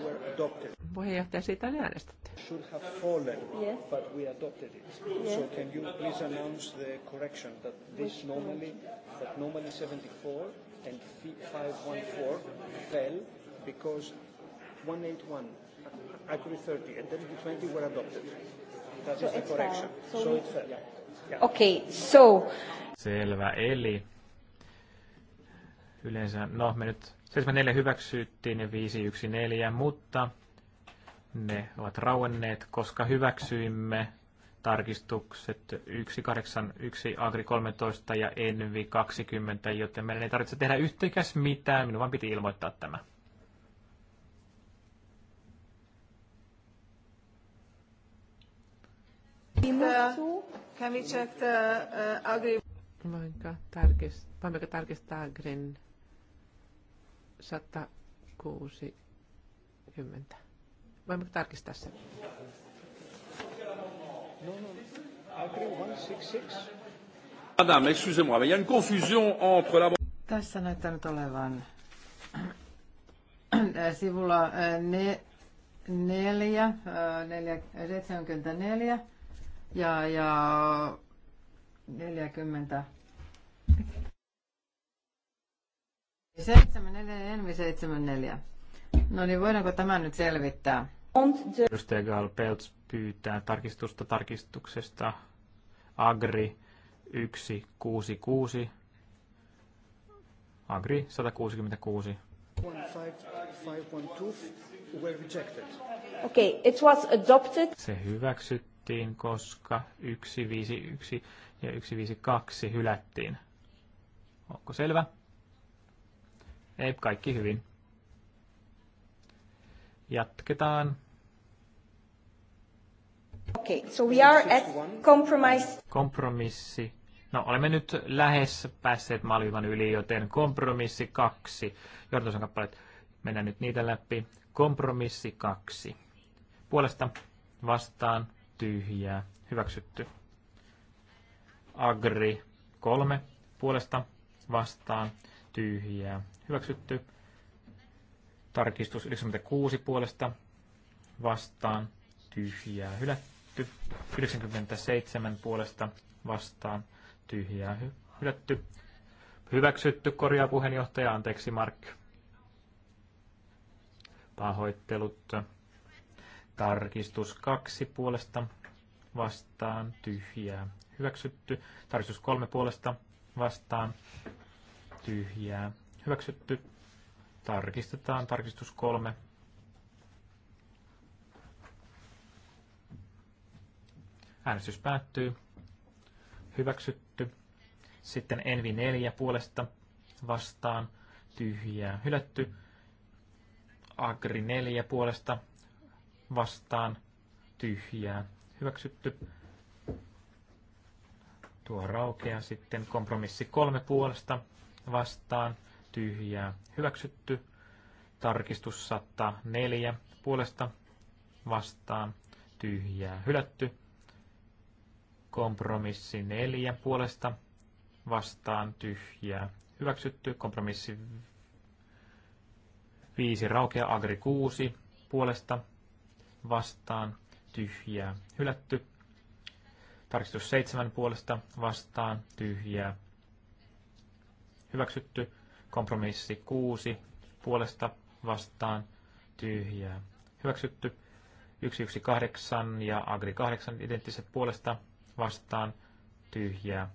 Puheenjohtaja, siitä on äänestetty. Should have fallen, yeah. but we adopted it. Yeah. So can you please announce the correction that this normally, that normally 74 and 514 fell because 181 actually 30 and then the 20 were adopted. That so is the uh, correction. So, so it's fair. Uh, yeah. Yeah. Okay, so... Selvä, eli yleensä, no me nyt 74 hyväksyttiin ja 514, mutta ne ovat rauenneet, koska hyväksyimme tarkistukset 181 Agri 13 ja Envi 20, joten meidän ei tarvitse tehdä yhtäkäs mitään, minun vaan piti ilmoittaa tämä. Can we check uh, agri... Voinko tarkist, voimmeko tarkistaa agrin 160? Voimmeko tarkistaa sen? No, no. Agri 166. Madame, excusez-moi, mais il y a une confusion entre la... Tässä näyttää nyt olevan äh, sivulla äh, ne, neljä, äh, neljä, 74 ja, ja 40 74, Envi 74. No niin, voidaanko tämä nyt selvittää? Edustaja Gal Peltz pyytää tarkistusta tarkistuksesta Agri 166. Agri 166. 155.2 were rejected. Okay, it was adopted. Se hyväksyttiin hylättiin, koska 151 ja 152 hylättiin. Onko selvä? Ei, kaikki hyvin. Jatketaan. Okay, so we are at compromise. Kompromissi. No, olemme nyt lähes päässeet maalivan yli, joten kompromissi kaksi. Jortosan kappaleet, mennään nyt niitä läpi. Kompromissi kaksi. Puolesta vastaan tyhjää, hyväksytty. Agri 3 puolesta vastaan, tyhjää, hyväksytty. Tarkistus 96 puolesta vastaan, tyhjää, hylätty. 97 puolesta vastaan, tyhjää, hylätty. Hyväksytty, korjaa puheenjohtaja, anteeksi Mark. Pahoittelut. Tarkistus kaksi puolesta vastaan tyhjää. Hyväksytty. Tarkistus kolme puolesta vastaan tyhjää. Hyväksytty. Tarkistetaan tarkistus kolme. Äänestys päättyy. Hyväksytty. Sitten Envi 4 puolesta vastaan tyhjää. Hylätty. Agri 4 puolesta vastaan tyhjää hyväksytty. Tuo raukea sitten kompromissi kolme puolesta vastaan tyhjää hyväksytty. Tarkistus 104 puolesta vastaan tyhjää hylätty. Kompromissi 4 puolesta vastaan tyhjää hyväksytty. Kompromissi 5 raukea agri 6 puolesta vastaan tyhjää hylätty. Tarkistus 7 puolesta vastaan tyhjää hyväksytty. Kompromissi 6 puolesta vastaan tyhjää hyväksytty. 118 ja Agri 8 identtiset puolesta vastaan tyhjää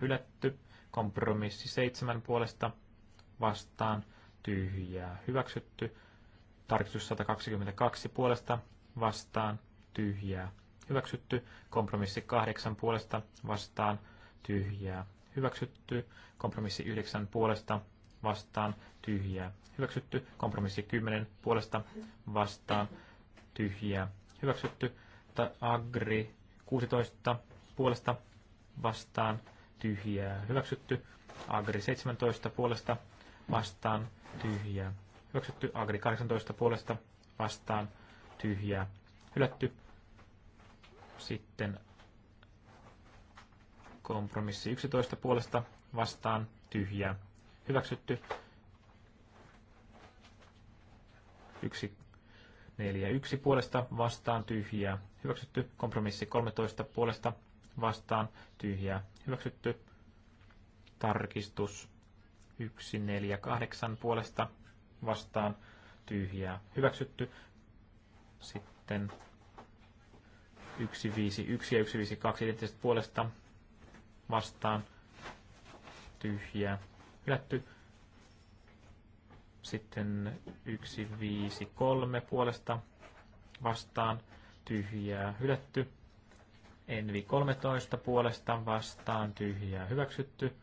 hylätty. Kompromissi 7 puolesta vastaan tyhjää hyväksytty. Tarkistus 122 puolesta vastaan tyhjää. Hyväksytty kompromissi 8 puolesta vastaan tyhjää. Hyväksytty kompromissi 9 puolesta vastaan tyhjää. Hyväksytty kompromissi 10 puolesta vastaan tyhjää. Hyväksytty agri 16 puolesta vastaan tyhjää. Hyväksytty agri 17 puolesta vastaan tyhjää. Hyväksytty agri 18 puolesta vastaan tyhjää tyhjää hylätty. Sitten kompromissi 11 puolesta vastaan tyhjää hyväksytty. 1 4 1 puolesta vastaan tyhjää hyväksytty. Kompromissi 13 puolesta vastaan tyhjää hyväksytty. Tarkistus 1 4 8 puolesta vastaan tyhjää hyväksytty. Sitten 151 ja 152 identtisestä puolesta vastaan. Tyhjää. Hylätty. Sitten 153 puolesta vastaan. Tyhjää. Hylätty. Envi 13 puolesta vastaan. Tyhjää. Hyväksytty.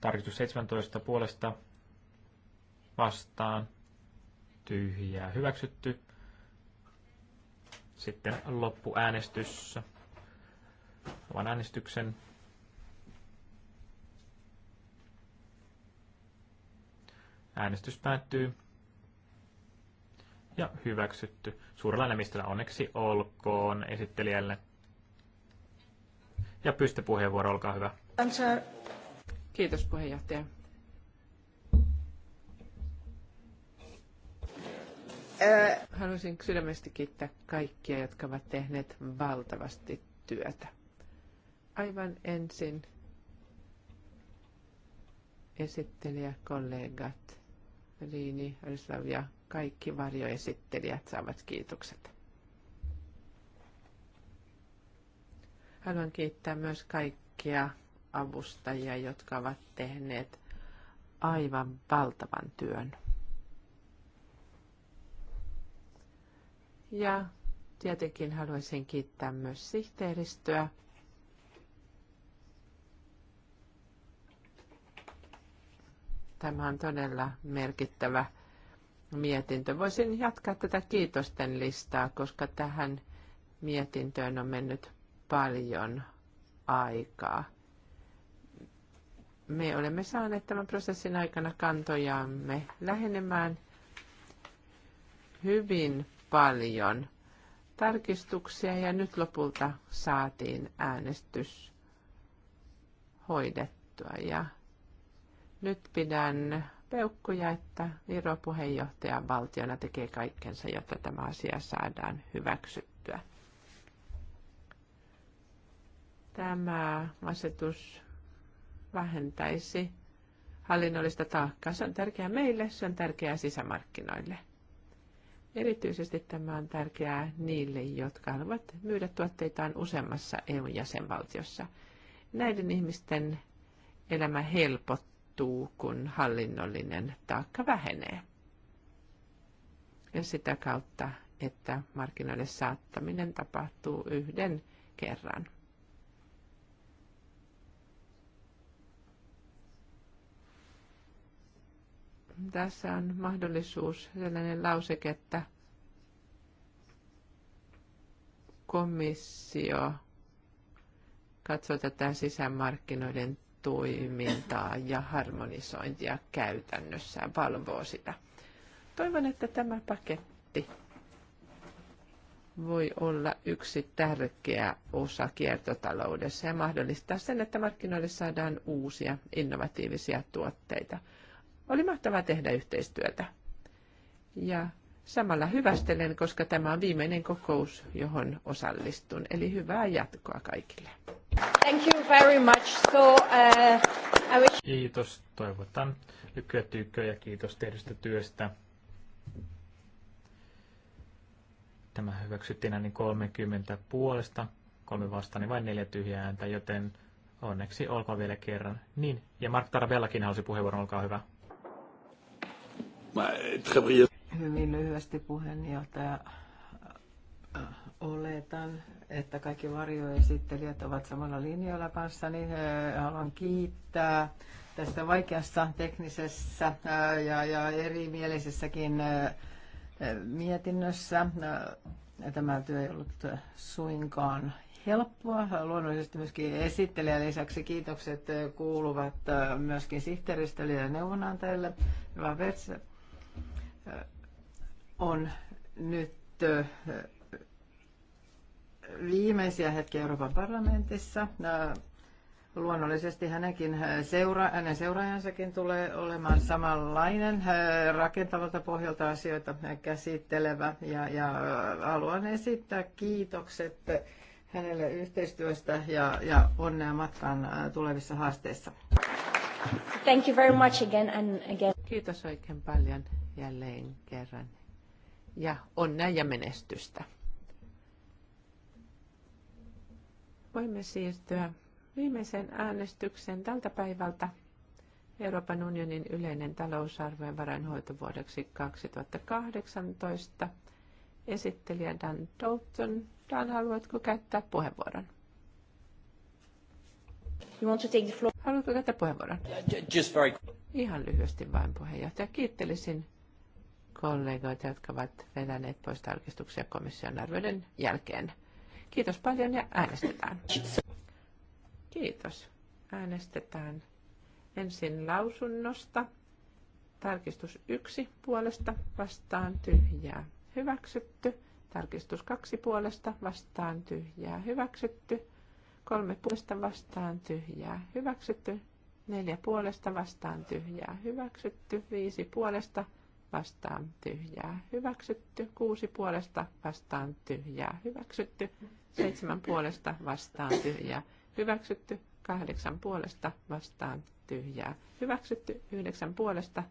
Tarkistus 17 puolesta vastaan. Tyhjää. Hyväksytty. Sitten loppuäänestys. vaan äänestyksen. Äänestys päättyy. Ja hyväksytty. Suurella enemmistöllä onneksi olkoon esittelijälle. Ja pystypuheenvuoro, olkaa hyvä. Kiitos puheenjohtaja. Haluaisin sydämestä kiittää kaikkia, jotka ovat tehneet valtavasti työtä. Aivan ensin kollegat, Riini, Arislav ja kaikki varjoesittelijät saavat kiitokset. Haluan kiittää myös kaikkia avustajia, jotka ovat tehneet aivan valtavan työn. Ja tietenkin haluaisin kiittää myös sihteeristöä. Tämä on todella merkittävä mietintö. Voisin jatkaa tätä kiitosten listaa, koska tähän mietintöön on mennyt paljon aikaa. Me olemme saaneet tämän prosessin aikana kantojaamme lähenemään hyvin paljon tarkistuksia ja nyt lopulta saatiin äänestys hoidettua. Ja nyt pidän peukkuja, että Viro puheenjohtajan valtiona tekee kaikkensa, jotta tämä asia saadaan hyväksyttyä. Tämä asetus vähentäisi hallinnollista taakkaa. Se on tärkeää meille, se on tärkeää sisämarkkinoille – Erityisesti tämä on tärkeää niille, jotka haluavat myydä tuotteitaan useammassa EU-jäsenvaltiossa. Näiden ihmisten elämä helpottuu, kun hallinnollinen taakka vähenee. Ja sitä kautta, että markkinoille saattaminen tapahtuu yhden kerran. tässä on mahdollisuus sellainen lauseke, että komissio katsoo tätä sisämarkkinoiden toimintaa ja harmonisointia käytännössä valvoo sitä. Toivon, että tämä paketti voi olla yksi tärkeä osa kiertotaloudessa ja mahdollistaa sen, että markkinoille saadaan uusia innovatiivisia tuotteita – oli mahtavaa tehdä yhteistyötä. Ja samalla hyvästelen, koska tämä on viimeinen kokous, johon osallistun. Eli hyvää jatkoa kaikille. Thank you very much. So, uh, I wish... Kiitos, toivotan lykkyä tykköä ja kiitos tehdystä työstä. Tämä hyväksyttiin ääni 30 puolesta, kolme vastaani vain neljä tyhjää ääntä, joten onneksi olkoon vielä kerran. Niin, ja Mark Tarabellakin halusi puheenvuoron, olkaa hyvä. Hyvin lyhyesti puheenjohtaja. Oletan, että kaikki varjoesittelijät ovat samalla linjalla kanssani. Niin, haluan kiittää tästä vaikeassa teknisessä ja, ja erimielisessäkin mietinnössä. Tämä työ ei ollut suinkaan helppoa. Luonnollisesti myöskin esittelijän lisäksi kiitokset kuuluvat myöskin sihteeristölle ja neuvonantajille. Hyvä on nyt viimeisiä hetkiä Euroopan parlamentissa. Luonnollisesti hänenkin seura, hänen seuraajansakin tulee olemaan samanlainen rakentavalta pohjalta asioita käsittelevä. Ja, ja haluan esittää kiitokset hänelle yhteistyöstä ja, ja onnea matkaan tulevissa haasteissa. Thank you very much again and again. Kiitos oikein paljon jälleen kerran. Ja onnea ja menestystä. Voimme siirtyä viimeiseen äänestykseen tältä päivältä. Euroopan unionin yleinen talousarvojen varainhoitovuodeksi 2018. Esittelijä Dan Dalton. Dan, haluatko käyttää puheenvuoron? You want to take the floor? Haluatko käyttää puheenvuoron? Just very... Ihan lyhyesti vain puheenjohtaja. Kiittelisin kollegoita, jotka ovat vetäneet pois tarkistuksia komission arvioiden jälkeen. Kiitos paljon ja äänestetään. Kiitos. Äänestetään ensin lausunnosta. Tarkistus 1 puolesta vastaan tyhjää hyväksytty. Tarkistus 2 puolesta vastaan tyhjää hyväksytty. 3 puolesta vastaan tyhjää hyväksytty. Neljä puolesta vastaan tyhjää hyväksytty. Viisi puolesta vastaan tyhjää hyväksytty. Kuusi puolesta vastaan tyhjää hyväksytty. Seitsemän puolesta vastaan tyhjää hyväksytty. Kahdeksan puolesta vastaan tyhjää hyväksytty. Yhdeksän puolesta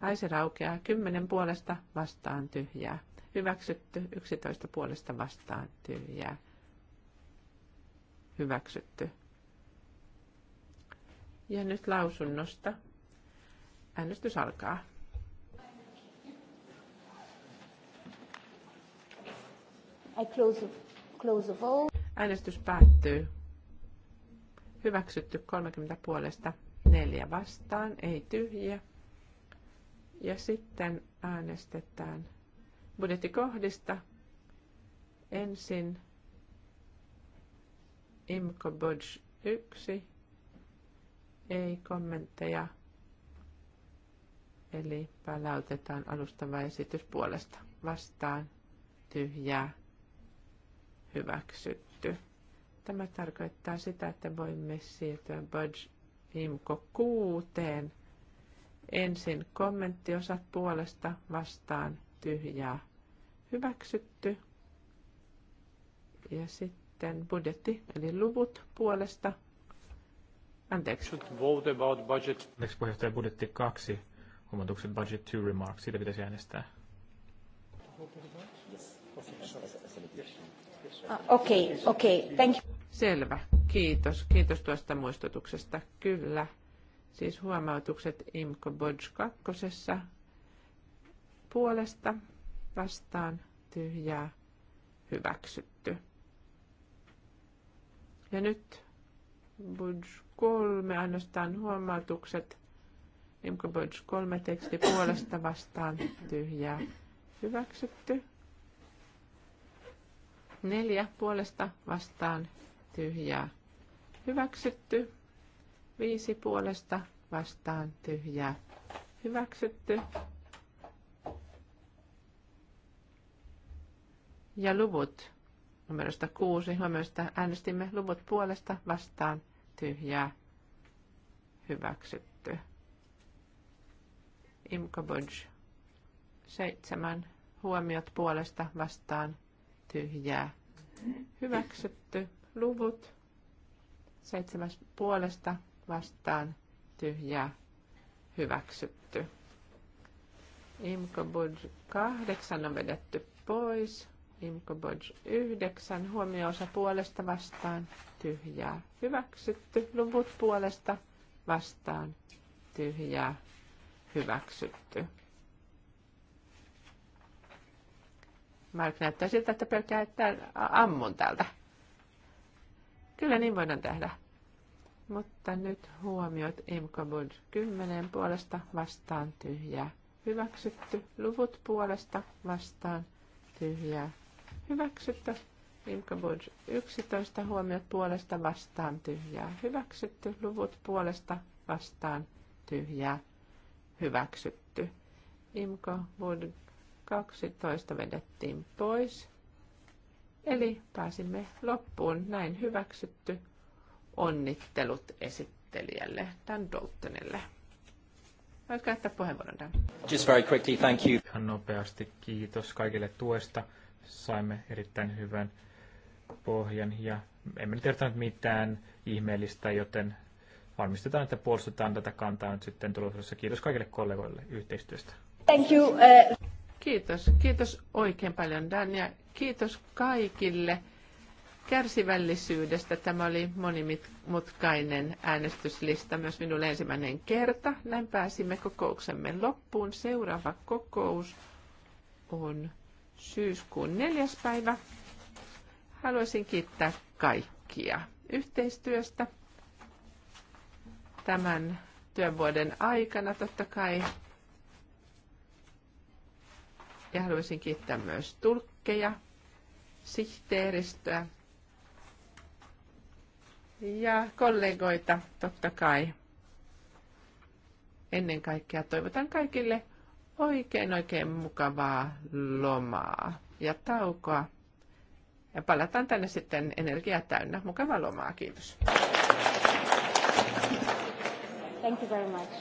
Aise raukeaa kymmenen puolesta vastaan tyhjää. Hyväksytty yksitoista puolesta vastaan tyhjää. Hyväksytty ja nyt lausunnosta. Äänestys alkaa. I close, the, close the Äänestys päättyy. Hyväksytty 30 puolesta, neljä vastaan, ei tyhjiä. Ja sitten äänestetään budjettikohdista. Ensin Imco Budge 1, ei kommentteja. Eli palautetaan alustava esitys puolesta. Vastaan tyhjää hyväksytty. Tämä tarkoittaa sitä, että voimme siirtyä Budge Imko kuuteen. Ensin kommenttiosat puolesta vastaan tyhjää hyväksytty. Ja sitten budjetti eli luvut puolesta Anteeksi. Vote about budget. Anteeksi puheenjohtaja budjetti kaksi. Huomautukset budget two remarks. Siitä pitäisi äänestää. Okei, ah, okay, okei. Okay. Thank you. Selvä. Kiitos. Kiitos tuosta muistutuksesta. Kyllä. Siis huomautukset Imko Bodge kakkosessa puolesta vastaan tyhjää hyväksytty. Ja nyt Budge kolme ainoastaan huomautukset. Imko kolme teksti puolesta vastaan tyhjää hyväksytty. Neljä puolesta vastaan tyhjää hyväksytty. Viisi puolesta vastaan tyhjää hyväksytty. Ja luvut numerosta kuusi. Huomioista äänestimme luvut puolesta vastaan tyhjää hyväksytty. Imka Budge. Seitsemän. Huomiot puolesta vastaan tyhjää. Hyväksytty. Luvut. Seitsemäs puolesta vastaan tyhjää. Hyväksytty. Imko Budge kahdeksan on vedetty pois. Imko Bodge 9, huomioosa puolesta vastaan, tyhjää. Hyväksytty, luvut puolesta vastaan, tyhjää. Hyväksytty. Mark näyttää siltä, että pelkää, että ammun täältä. Kyllä niin voidaan tehdä. Mutta nyt huomiot Imko Budge 10 puolesta vastaan tyhjää. Hyväksytty. Luvut puolesta vastaan tyhjää hyväksytty. Imka Budge 11 huomiot puolesta vastaan tyhjää hyväksytty. Luvut puolesta vastaan tyhjää hyväksytty. Imko Budge 12 vedettiin pois. Eli pääsimme loppuun. Näin hyväksytty. Onnittelut esittelijälle Dan Daltonille. Voitko käyttää puheenvuoron Dan? Just very quickly, thank you. Ihan nopeasti kiitos kaikille tuesta saimme erittäin hyvän pohjan ja emme nyt kertonut mitään ihmeellistä, joten varmistetaan, että puolustetaan tätä kantaa nyt sitten tulossa. Kiitos kaikille kollegoille yhteistyöstä. Thank you. Uh... Kiitos. Kiitos oikein paljon Dan ja kiitos kaikille kärsivällisyydestä. Tämä oli monimutkainen äänestyslista myös minulle ensimmäinen kerta. Näin pääsimme kokouksemme loppuun. Seuraava kokous on syyskuun neljäs päivä. Haluaisin kiittää kaikkia yhteistyöstä tämän työvuoden aikana totta kai. Ja haluaisin kiittää myös tulkkeja, sihteeristöä ja kollegoita totta kai. Ennen kaikkea toivotan kaikille oikein oikein mukavaa lomaa ja taukoa. Ja palataan tänne sitten energiaa täynnä. Mukavaa lomaa, kiitos. Thank you very much.